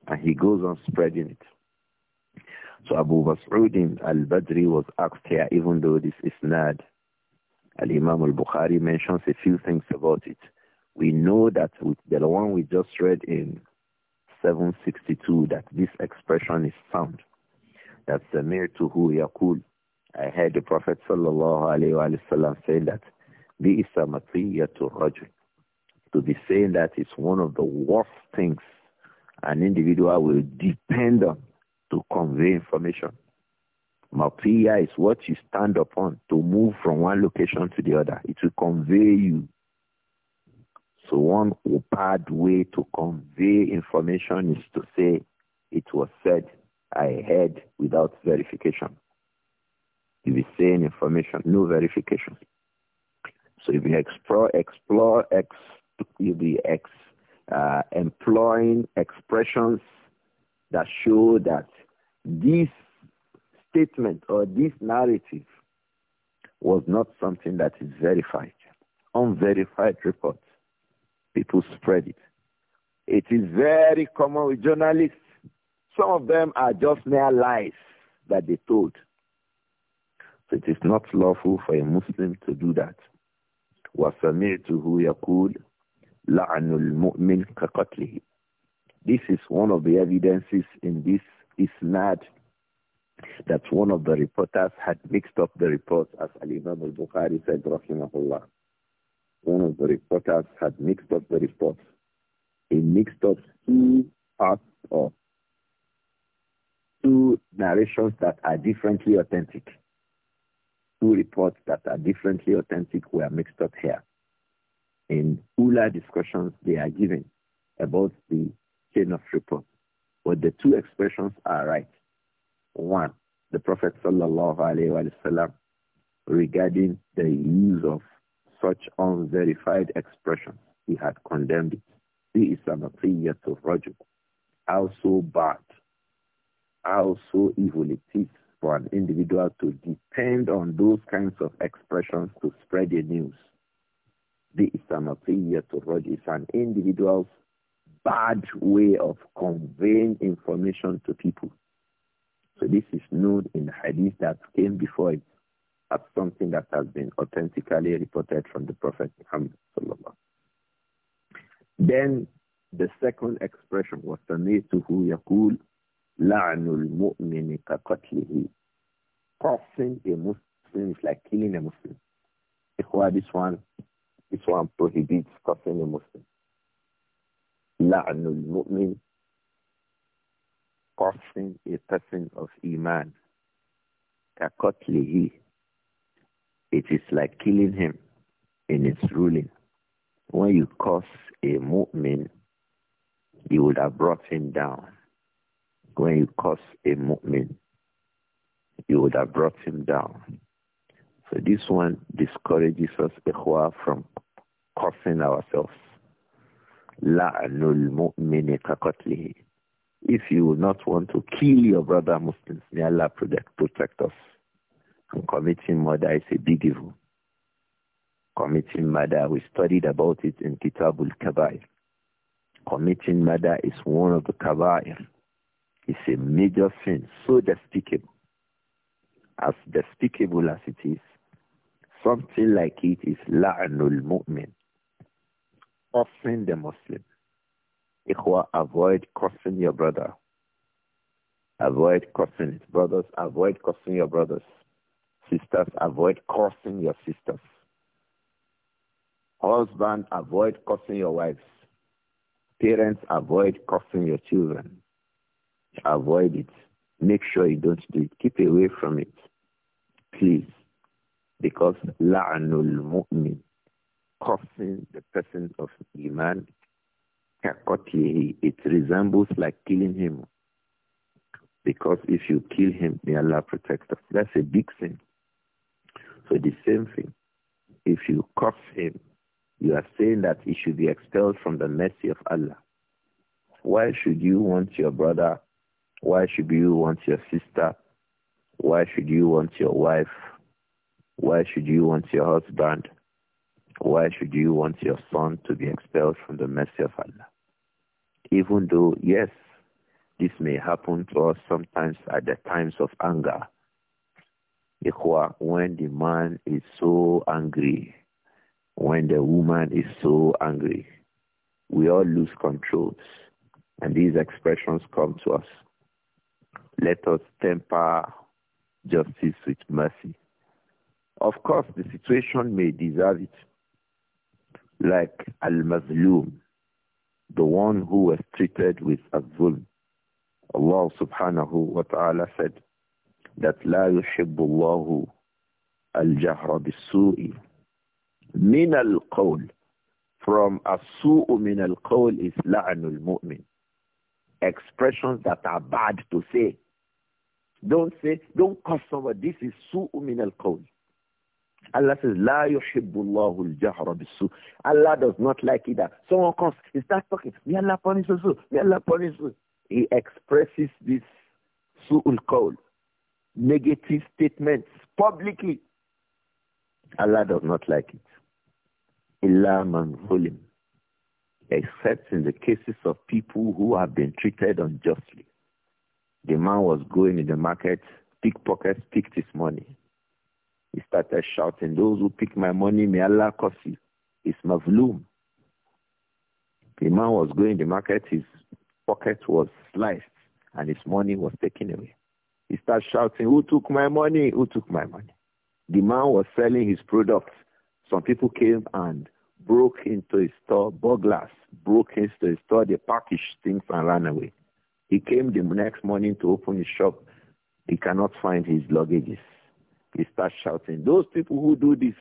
And he goes on spreading it. So Abu Mas'udin al-Badri was asked here, even though this is not Al-Imam al-Bukhari mentions a few things about it. We know that with the one we just read in 762 that this expression is found. That Samirtuhu Yaqul, I heard the Prophet sallallahu alayhi wa, sallam, saying that, Bi'isa matiyatu rajul. To be saying that is one of the worst things an individual will depend on to convey information. Matiya is what you stand upon to move from one location to the other. It will convey you so one bad way to convey information is to say, it was said, I heard without verification. you be saying information, no verification. So you be explore, explore, ex, you'll be ex, uh, employing expressions that show that this statement or this narrative was not something that is verified. Unverified reports People spread it. It is very common with journalists. Some of them are just mere lies that they told. So it is not lawful for a Muslim to do that. وَسَمِعْتُهُ يَقُولُ لَعْنُ الْمُؤْمِنِ كَقَتْلِهِ This is one of the evidences in this isnad that one of the reporters had mixed up the reports as Al-Imam al-Bukhari said, rahimahullah one of the reporters had mixed up the reports. He mixed up two parts of two narrations that are differently authentic. Two reports that are differently authentic were mixed up here. In ULA discussions, they are given about the chain of report. But the two expressions are right. One, the Prophet sallallahu alaihi wasallam regarding the use of such unverified expression, he had condemned it. This is an affiliate of Rajab. How so bad, how so evil it is for an individual to depend on those kinds of expressions to spread the news. The Islamophilia to Raj is an individual's bad way of conveying information to people. So this is known in the hadith that came before it as something that has been authentically reported from the Prophet Muhammad Then the second expression was Samituhu Yakul La'nul Mu'mini Kakatlihi. Cursing a Muslim is like killing a Muslim. This one, this one prohibits cursing a Muslim. La'nul Mu'min. Cursing a person of Iman. Kakatlihi. It is like killing him in its ruling. When you curse a movement, you would have brought him down. When you curse a movement, you would have brought him down. So this one discourages us, from cursing ourselves. لَعْنُ الْمُؤْمِنِ If you do not want to kill your brother Muslims, may Allah protect, protect us. And committing murder is a big evil. Committing murder, we studied about it in Kitabul Kabair. Committing murder is one of the Kabair. It's a major sin, so despicable. As despicable as it is, something like it is la'nul mu'min. Offend the Muslim. Ikhwa, avoid cursing your brother. Avoid cursing his brothers. Avoid cursing your brothers sisters, avoid cursing your sisters. Husband, avoid cursing your wives. Parents, avoid cursing your children. Avoid it. Make sure you don't do it. Keep away from it. Please. Because la'nul mu'min, cursing the person of iman, it resembles like killing him. Because if you kill him, may Allah protect us. That's a big sin. So the same thing. If you curse him, you are saying that he should be expelled from the mercy of Allah. Why should you want your brother? Why should you want your sister? Why should you want your wife? Why should you want your husband? Why should you want your son to be expelled from the mercy of Allah? Even though, yes, this may happen to us sometimes at the times of anger Ikhwa, when the man is so angry, when the woman is so angry, we all lose controls. And these expressions come to us. Let us temper justice with mercy. Of course, the situation may deserve it. Like Al-Mazlum, the one who was treated with Azul. Allah subhanahu wa ta'ala said, that لا يحب الله الجهر بالسوء من القول from السوء من القول is لعن المؤمن expressions that are bad to say don't say don't curse somebody this is سوء من القول Allah says لا يحب الله الجهر بالسوء Allah does not like it that someone comes he starts talking may Allah punish you oh, may Allah punish you he expresses this سوء القول negative statements publicly. Allah does not like it. Illa man zulim. Except in the cases of people who have been treated unjustly. The man was going in the market, pickpockets picked his money. He started shouting, those who pick my money, may Allah curse you. It's mavloom. The man was going in the market, his pocket was sliced and his money was taken away. He starts shouting, who took my money? Who took my money? The man was selling his products. Some people came and broke into his store, burglars broke into his store, they packaged things and ran away. He came the next morning to open his shop. He cannot find his luggages. He starts shouting, those people who do this,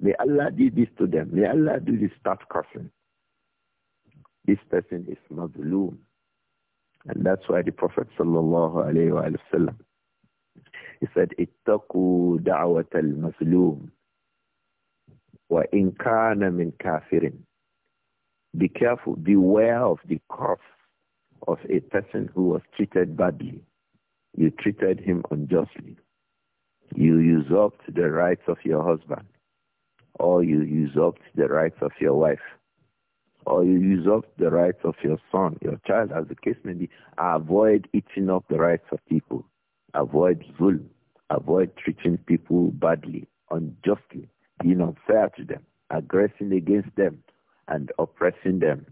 may Allah do this to them. May Allah do this, start cursing. This person is Mazloom. And that's why the Prophet sallallahu alayhi wa sallam he said, al دعوة المظلوم in كان من kafirin." Be careful, beware of the curse of a person who was treated badly. You treated him unjustly. You usurped the rights of your husband or you usurped the rights of your wife or you usurped the rights of your son, your child, as the case may be. Avoid eating up the rights of people. Avoid zulm. Avoid treating people badly, unjustly, being unfair to them, aggressing against them, and oppressing them.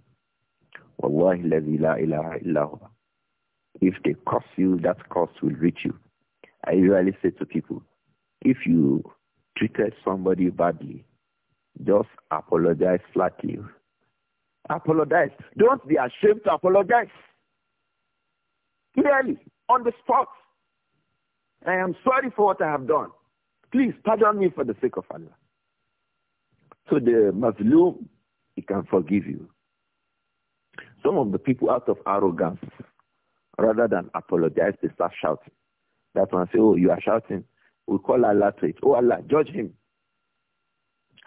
Wallahi la ilaha illahu. If they curse you, that curse will reach you. I usually say to people, if you treated somebody badly, just apologize flatly. Apologize. Don't be ashamed to apologize. Clearly, on the spot. I am sorry for what I have done. Please pardon me for the sake of Allah. So the Muslim, he can forgive you. Some of the people out of arrogance, rather than apologize, they start shouting. That one say, oh, you are shouting. We call Allah to it. Oh, Allah, judge him.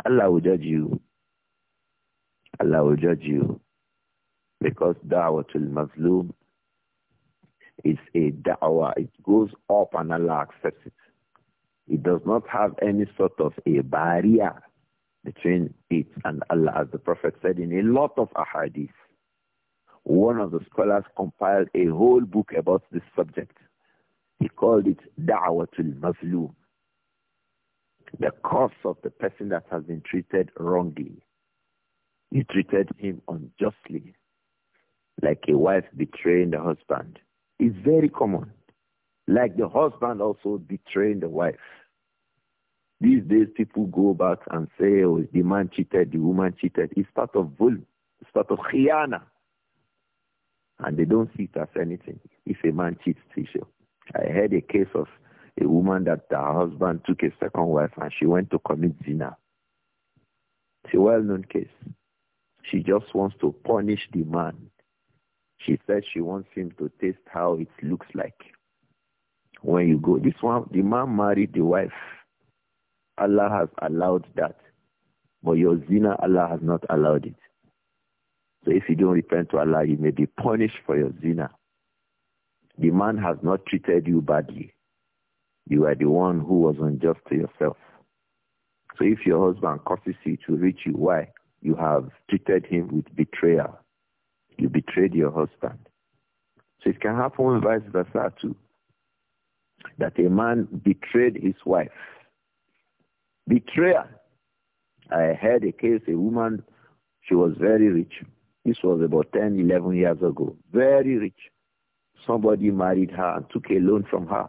Allah will judge you. Allah will judge you. Because da'watul mazlum it's a da'wah. It goes up and Allah accepts it. It does not have any sort of a barrier between it and Allah, as the Prophet said in a lot of ahadith. One of the scholars compiled a whole book about this subject. He called it Da'watul Mazlum, the cause of the person that has been treated wrongly. You treated him unjustly, like a wife betraying the husband. It's very common. Like the husband also betraying the wife. These days, people go back and say, oh, the man cheated, the woman cheated. It's part of vuln. It's part of khiyana. And they don't see it as anything. If a man cheats, teacher. I heard a case of a woman that her husband took a second wife and she went to commit zina. It's a well-known case. She just wants to punish the man she said she wants him to taste how it looks like when you go. This one, the man married the wife. Allah has allowed that. But your zina, Allah has not allowed it. So if you don't repent to Allah, you may be punished for your zina. The man has not treated you badly. You are the one who was unjust to yourself. So if your husband curses you to reach you, why? You have treated him with betrayal. You betrayed your husband. So it can happen vice versa too. That a man betrayed his wife. Betrayal. I heard a case, a woman, she was very rich. This was about 10, 11 years ago. Very rich. Somebody married her and took a loan from her.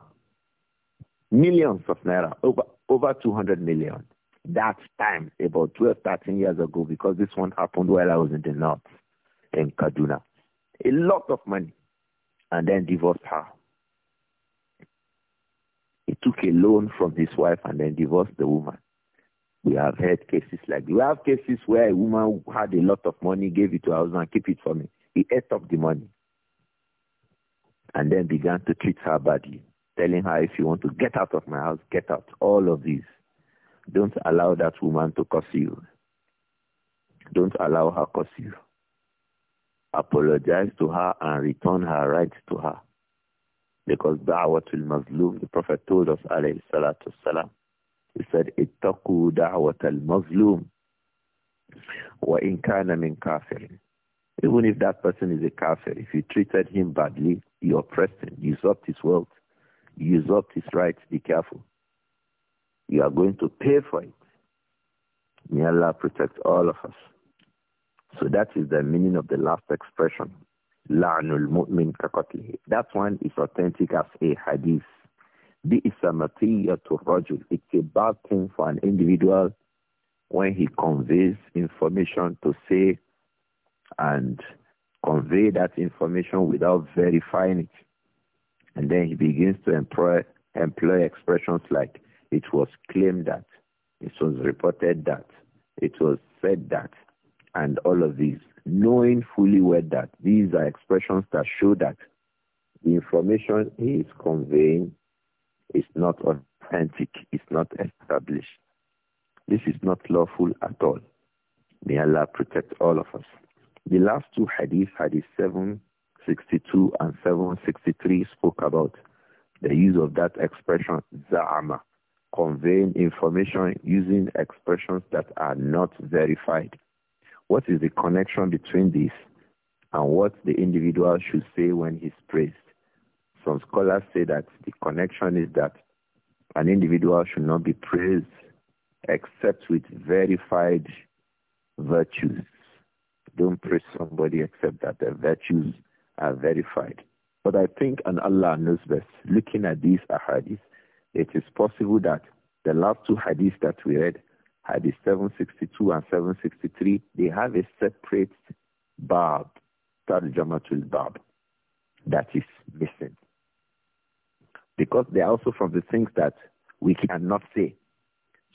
Millions of naira, over, over 200 million. That time, about 12, 13 years ago, because this one happened while I was in the north in Kaduna. A lot of money. And then divorced her. He took a loan from his wife and then divorced the woman. We have heard cases like We have cases where a woman had a lot of money, gave it to her husband, keep it for me. He ate up the money and then began to treat her badly, telling her, if you want to get out of my house, get out. All of these. Don't allow that woman to curse you. Don't allow her curse you apologize to her and return her rights to her. Because da'watul mazlum, the Prophet told us, alayhi salatu salam, he said, ittaqu da'watul mazlum wa in kana min kafirin. Even if that person is a kafir, if you treated him badly, you oppressed him, you usurped his wealth, you usurped his rights, be careful. You are going to pay for it. May Allah protect all of us. So that is the meaning of the last expression. La'nul mu'min kakatlihi. That one is authentic as a hadith. to rajul. It's a bad thing for an individual when he conveys information to say and convey that information without verifying it. And then he begins to employ, employ expressions like, it was claimed that, it was reported that, it was said that, and all of these, knowing fully well that these are expressions that show that the information he is conveying is not authentic, is not established. This is not lawful at all. May Allah protect all of us. The last two hadith, hadith 762 and 763, spoke about the use of that expression, za'ama, conveying information using expressions that are not verified. What is the connection between this and what the individual should say when he's praised? Some scholars say that the connection is that an individual should not be praised except with verified virtues. Don't praise somebody except that their virtues are verified. But I think, and Allah knows best, looking at these ahadith, it is possible that the last two hadiths that we read Hadith 762 and 763, they have a separate bab, tarjamatul bab, that is missing. Because they are also from the things that we cannot say.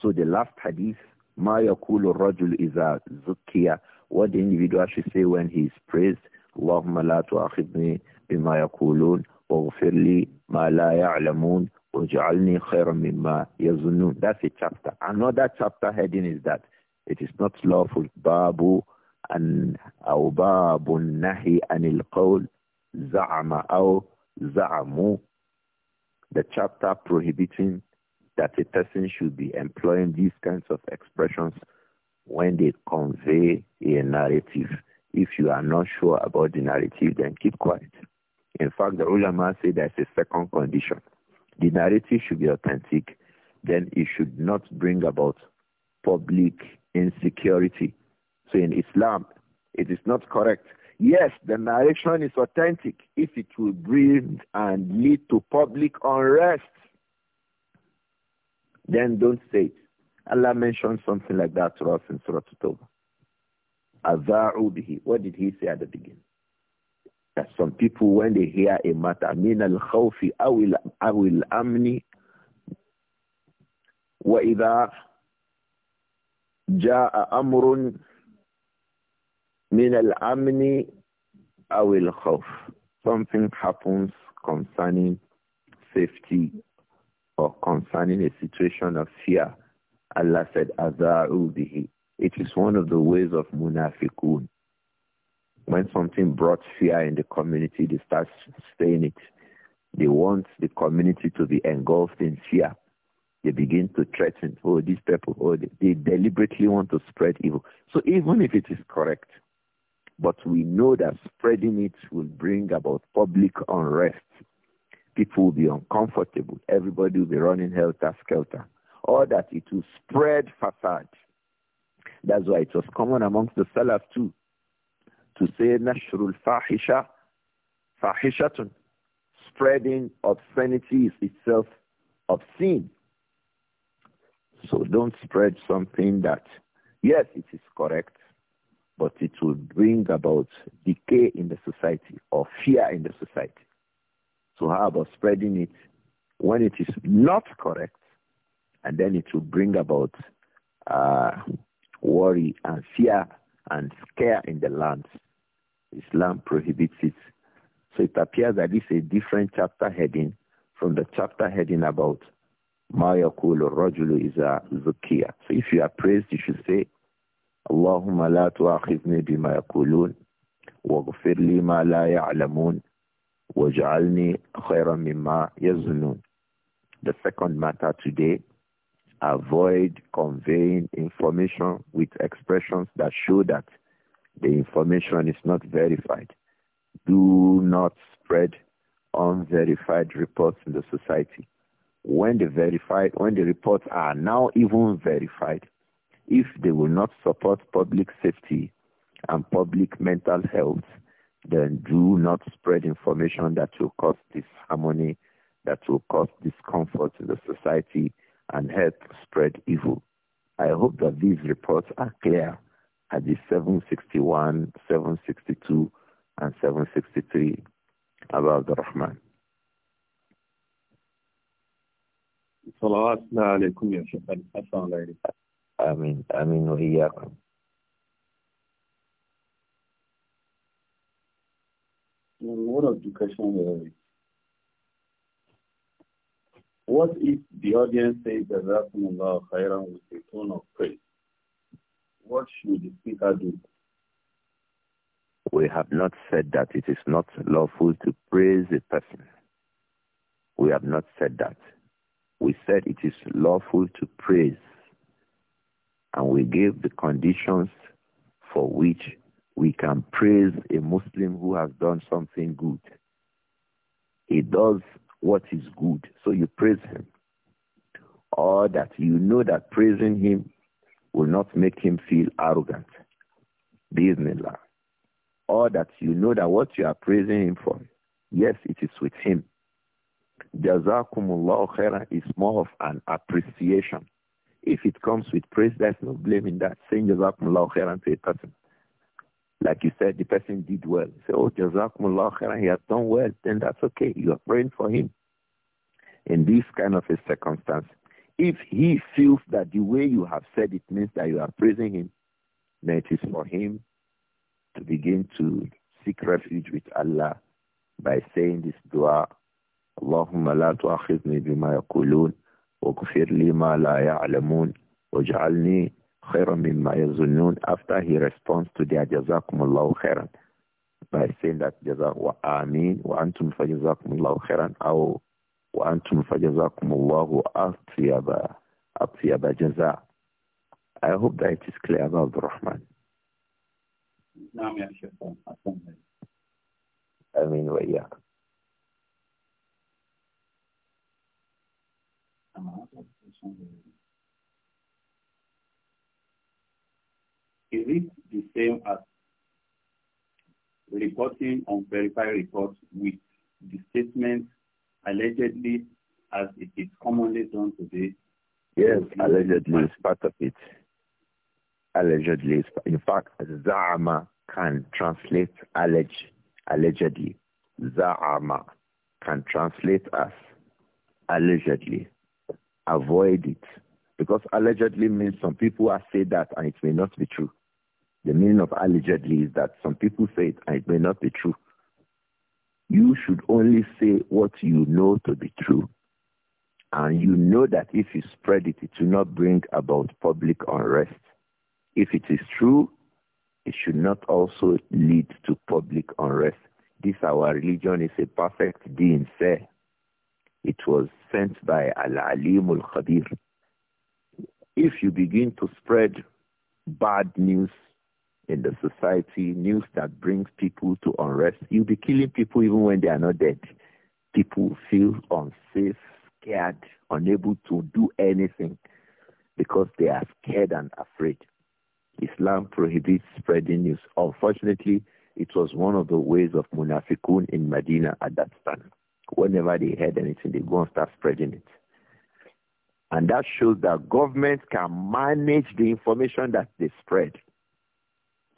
So the last hadith, ma yakulu rajul is a zukiya, what the individual should say when he is praised, Allahumma la tu'akhidni bima yakulun, واغفر لي ما لا يعلمون وجعلني خيرا مما يظنون. That's a chapter. Another chapter heading is that it is not lawful. Babu أن أو باب النهي عن القول زعم أو زعموا. The chapter prohibiting that a person should be employing these kinds of expressions when they convey a narrative. If you are not sure about the narrative, then keep quiet. In fact, the ulama say there's a second condition. The narrative should be authentic. Then it should not bring about public insecurity. So in Islam, it is not correct. Yes, the narration is authentic if it will bring and lead to public unrest. Then don't say it. Allah mentioned something like that to us in Surah At-Tawbah. What did he say at the beginning? That some people, when they hear a matter, min al khawfi awil awil amni, wa ida jaa amrun min al amni awil khawf. Something happens concerning safety or concerning a situation of fear. Allah said, Aza'u bihi. It is one of the ways of munafiqun. When something brought fear in the community, they start saying it. They want the community to be engulfed in fear. They begin to threaten, oh, these people, oh, they deliberately want to spread evil. So even if it is correct, but we know that spreading it will bring about public unrest. People will be uncomfortable. Everybody will be running helter-skelter. Or that it will spread facade. That's why it was common amongst the sellers too to say نشر fahisha, fahishatun, spreading obscenity is itself obscene. So don't spread something that, yes, it is correct, but it will bring about decay in the society or fear in the society. So how about spreading it when it is not correct, and then it will bring about uh, worry and fear and scare in the lands. Islam prohibits it. So it appears that this is a different chapter heading from the chapter heading about Mayakul Rajulu is a Zukiya. So if you are praised, you should say, Allahumma la tu'akhidni bima yakulun, waghfir li ma la ya'lamun, waj'alni khayran mimma yazunun. The second matter today, avoid conveying information with expressions that show that the information is not verified. Do not spread unverified reports in the society. When the verified, when the reports are now even verified, if they will not support public safety and public mental health, then do not spread information that will cause disharmony, that will cause discomfort in the society and help spread evil. I hope that these reports are clear. Hadith 761, 762, and 763 about the Rahman. صلواتنا عليكم يا شيخ السلام عليكم آمين آمين وإياكم What if the audience says that Rasulullah khairan with a tone of praise? what should the speaker do? We have not said that it is not lawful to praise a person. We have not said that. We said it is lawful to praise. And we gave the conditions for which we can praise a Muslim who has done something good. He does what is good, so you praise him. Or that you know that praising him will not make him feel arrogant. Bismillah. Or that you know that what you are praising him for, yes, it is with him. Jazakumullah khairan is more of an appreciation. If it comes with praise, there's no blame in that. Saying Jazakumullah khairan to a person. Like you said, the person did well. say, oh, Jazakumullah khairan, he has done well. Then that's okay. You are praying for him. In this kind of a circumstance, if he feels that the way you have said it means that you are praising him, then it is for him to begin to seek refuge with Allah by saying this dua, Allahumma la tu'akhidni bima yakulun, waghfir li ma la ya'lamun, waj'alni khairan mimma yazunnun, after he responds to their allahu khairan, by saying that jazak wa ameen, wa antum fa jazakumullahu khairan, aw وأنتم فجزاكم الله أطيب أطيب جزاء I hope that it is clear about the Rahman. نعم يا شيخ آمين وإياك Is it the same as reporting on verified reports with the statements? allegedly as it is commonly done today? Yes, allegedly is part of it. Allegedly, in fact, za'ama can translate alleged, allegedly. zama can translate as allegedly. Avoid it. Because allegedly means some people have said that and it may not be true. The meaning of allegedly is that some people say it and it may not be true. You should only say what you know to be true. And you know that if you spread it, it will not bring about public unrest. If it is true, it should not also lead to public unrest. This our religion is a perfect deen, say. It was sent by al Ali al-Khadir. If you begin to spread bad news in the society, news that brings people to unrest. You'll be killing people even when they are not dead. People feel unsafe, scared, unable to do anything because they are scared and afraid. Islam prohibits spreading news. Unfortunately, it was one of the ways of Munafikun in Medina at that time. Whenever they heard anything, they go and start spreading it. And that shows that governments can manage the information that they spread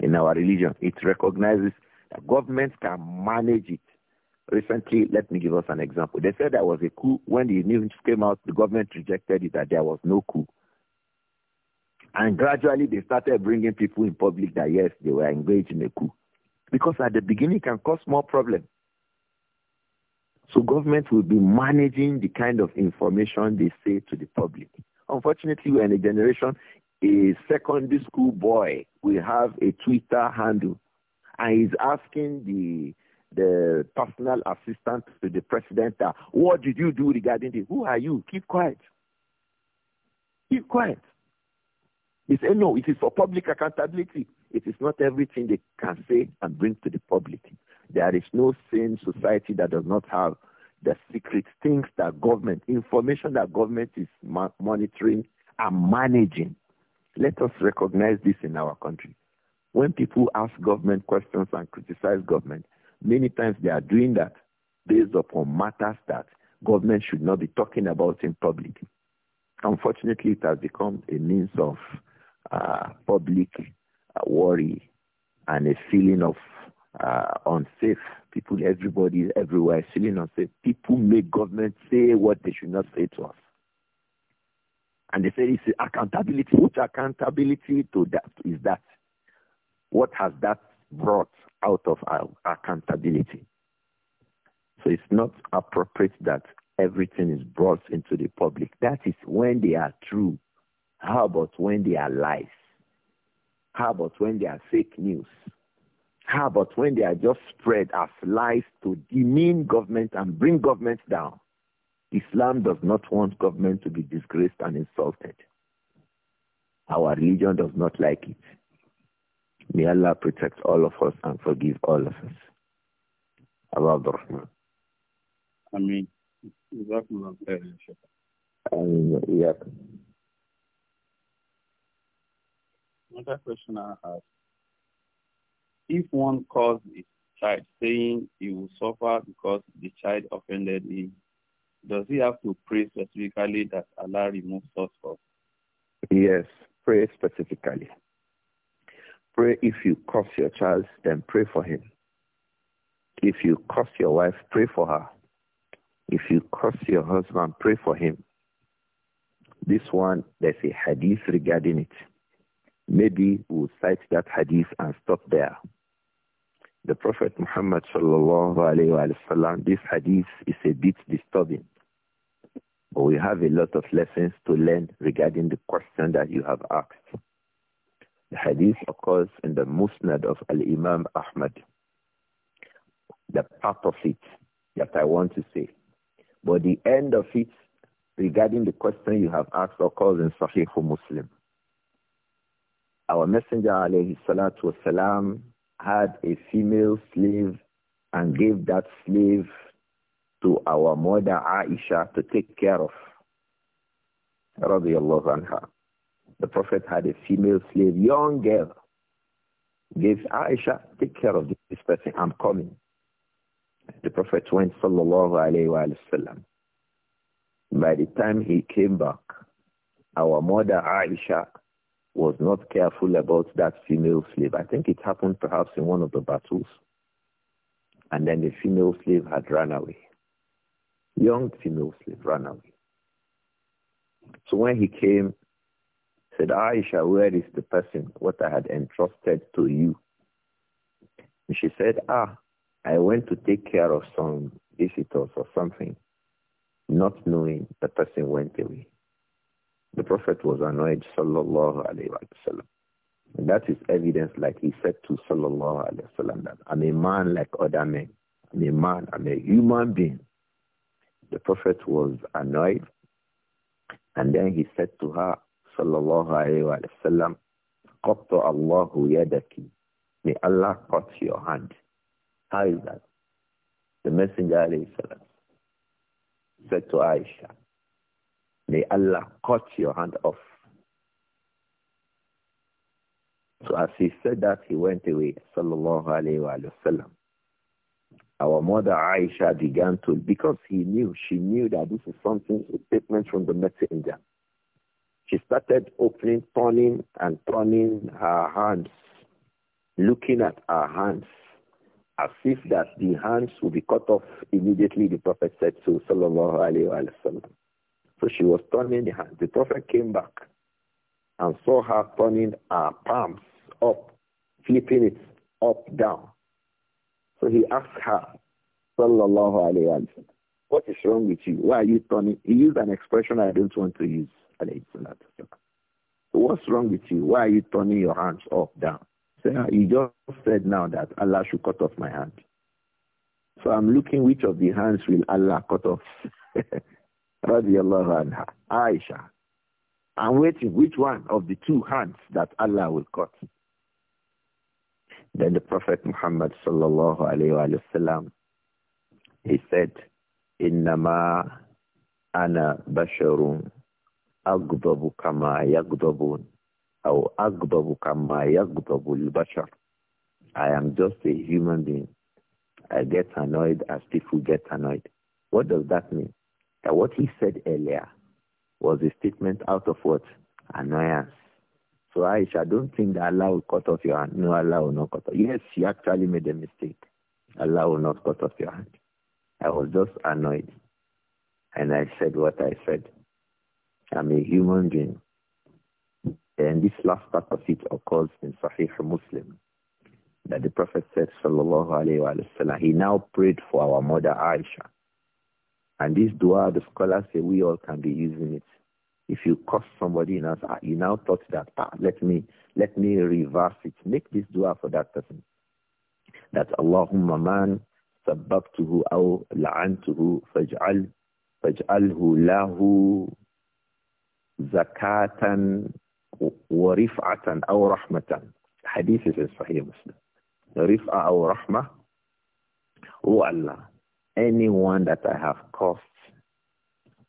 in our religion. It recognizes that government can manage it. Recently, let me give us an example. They said there was a coup. When the news came out, the government rejected it that there was no coup. And gradually they started bringing people in public that yes, they were engaged in a coup. Because at the beginning it can cause more problems. So government will be managing the kind of information they say to the public. Unfortunately, we're in a generation, a secondary school boy will have a Twitter handle and he's asking the the personal assistant to the president, uh, what did you do regarding this? Who are you? Keep quiet. Keep quiet. He said, no, it is for public accountability. It is not everything they can say and bring to the public. There is no sane society that does not have the secret things that government, information that government is monitoring and managing. Let us recognize this in our country. When people ask government questions and criticize government, many times they are doing that based upon matters that government should not be talking about in public. Unfortunately, it has become a means of uh, public uh, worry and a feeling of uh, unsafe. People, everybody, everywhere, feeling unsafe. People make government say what they should not say to us. And they say it's accountability. Which accountability to that is that? What has that brought out of our accountability? So it's not appropriate that everything is brought into the public. That is when they are true. How about when they are lies? How about when they are fake news? How about when they are just spread as lies to demean government and bring government down? Islam does not want government to be disgraced and insulted. Our religion does not like it. May Allah protect all of us and forgive all of us. Allah Rahman. I mean, yeah. Another question I have. If one calls his child saying he will suffer because the child offended him, does he have to pray specifically that Allah removes us from? Yes, pray specifically. Pray if you curse your child, then pray for him. If you curse your wife, pray for her. If you curse your husband, pray for him. This one, there's a hadith regarding it. Maybe we'll cite that hadith and stop there the Prophet Muhammad sallallahu alayhi wa this hadith is a bit disturbing. But we have a lot of lessons to learn regarding the question that you have asked. The hadith occurs in the Musnad of Al-Imam Ahmad. The part of it that I want to say. But the end of it regarding the question you have asked occurs in Sahih Muslim. Our Messenger alayhi salatu wasalam had a female slave and gave that slave to our mother Aisha to take care of. anha. The Prophet had a female slave, young girl, gave Aisha, take care of this person, I'm coming. The Prophet went, sallallahu alayhi wa sallam. By the time he came back, our mother Aisha was not careful about that female slave. I think it happened perhaps in one of the battles. And then the female slave had run away. Young female slave ran away. So when he came, said, Aisha, where is the person, what I had entrusted to you? And she said, ah, I went to take care of some visitors or something, not knowing the person went away. The Prophet was annoyed, sallallahu alayhi wasallam. And that is evidence, like he said to sallallahu alayhi wasallam, that I'm a man like other men. I'm a man, I'm a human being. The Prophet was annoyed, and then he said to her, sallallahu alayhi wasallam, قَطَّ اللَّهُ يَدَكِ May Allah cut your hand. How is that? The Messenger salam, said to Aisha, Allah cut your hand off. So as he said that, he went away, sallallahu alayhi wa sallam. Our mother Aisha began to, because he knew, she knew that this is something, a statement from the messenger. She started opening, turning and turning her hands, looking at her hands, as if that the hands would be cut off immediately, the Prophet said to sallallahu alayhi wa sallam. So she was turning her hands. The Prophet came back and saw her turning her palms up, flipping it up, down. So he asked her, Sallallahu Alaihi Wasallam, what is wrong with you? Why are you turning? He used an expression I don't want to use, What's wrong with you? Why are you turning your hands up, down? So ah, you just said now that Allah should cut off my hand. So I'm looking which of the hands will Allah cut off. radiallahu anha, Aisha. I'm waiting which one of the two hands that Allah will cut. Then the Prophet Muhammad sallallahu alayhi wa sallam, he said, إِنَّمَا أَنَا بَشَرٌ أَغْضَبُ كَمَا يَغْضَبُونَ أو أغضب كما يغضب bashar." I am just a human being. I get annoyed as people get annoyed. What does that mean? that what he said earlier was a statement out of what? Annoyance. So Aisha, don't think that Allah will cut off your hand. No, Allah will not cut off. Yes, you actually made a mistake. Allah will not cut off your hand. I was just annoyed. And I said what I said. I'm a human being. And this last part of it occurs in Sahih Muslim. That the Prophet said, Sallallahu Alaihi Wasallam, he now prayed for our mother Aisha. And this dua, the scholars say we all can be using it. If you curse somebody in us, ah, you now thought that, ah, let me, let me reverse it. Make this dua for that person. That Allahumma man sabbaktuhu aw la'antuhu faj'al faj'alhu lahu zakatan wa rif'atan aw rahmatan. Hadith is in Sahih Muslim. Rif'a aw rahmah. Oh Allah, anyone that I have cursed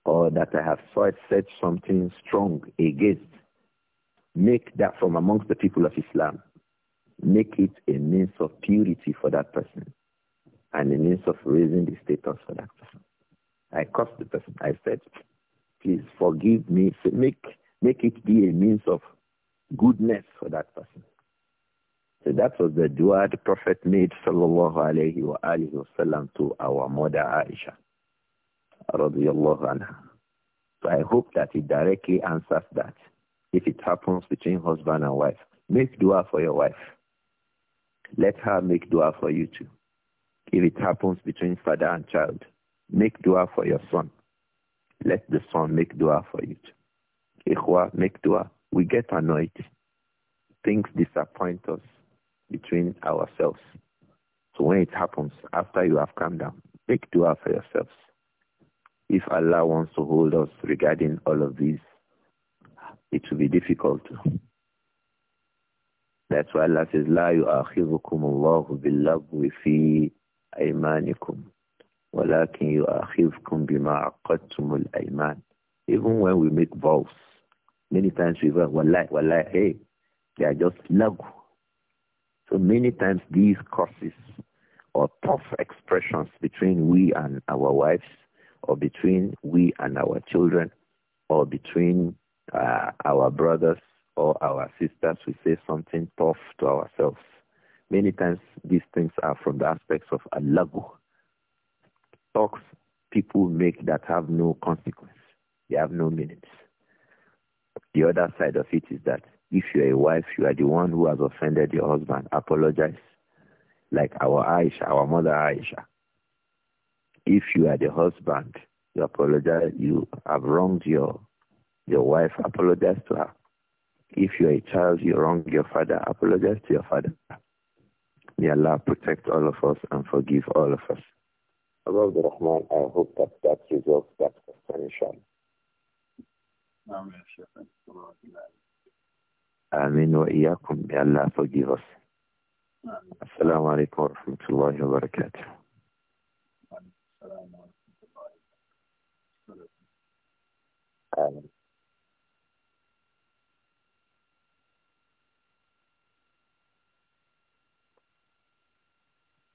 or that I have said something strong against, make that from amongst the people of Islam. Make it a means of purity for that person and a means of raising the status for that person. I cursed the person. I said, please forgive me. So make, make it be a means of goodness for that person. So that was the dua the Prophet made sallallahu alayhi wa to our mother Aisha radiyallahu anha. So I hope that it directly answers that. If it happens between husband and wife, make dua for your wife. Let her make dua for you too. If it happens between father and child, make dua for your son. Let the son make dua for you too. Ikhwa, make dua. We get annoyed. Things disappoint us between ourselves. So when it happens, after you have calmed down, make dua for yourselves. If Allah wants to hold us regarding all of these, it will be difficult. That's why Allah says, لا يؤاخذكم الله باللغو في أيمانكم ولكن يؤاخذكم بما عقدتم الأيمان. Even when we make vows, many times we go, wallahi, wallahi, hey, they are just lagu. So many times these curses or tough expressions between we and our wives or between we and our children or between uh, our brothers or our sisters, we say something tough to ourselves. Many times these things are from the aspects of alabu. Talks people make that have no consequence. They have no meanings. The other side of it is that if you are a wife, you are the one who has offended your husband. Apologize. Like our Aisha, our mother Aisha. If you are the husband, you apologize. You have wronged your your wife. Apologize to her. If you are a child, you wronged your father. Apologize to your father. May Allah protect all of us and forgive all of us. Above Rahman, I hope that that resolves that question, inshallah. Amen. Amin wa iyakum. May Allah forgive us. Assalamu alaikum wa rahmatullahi wa barakatuh. Amen.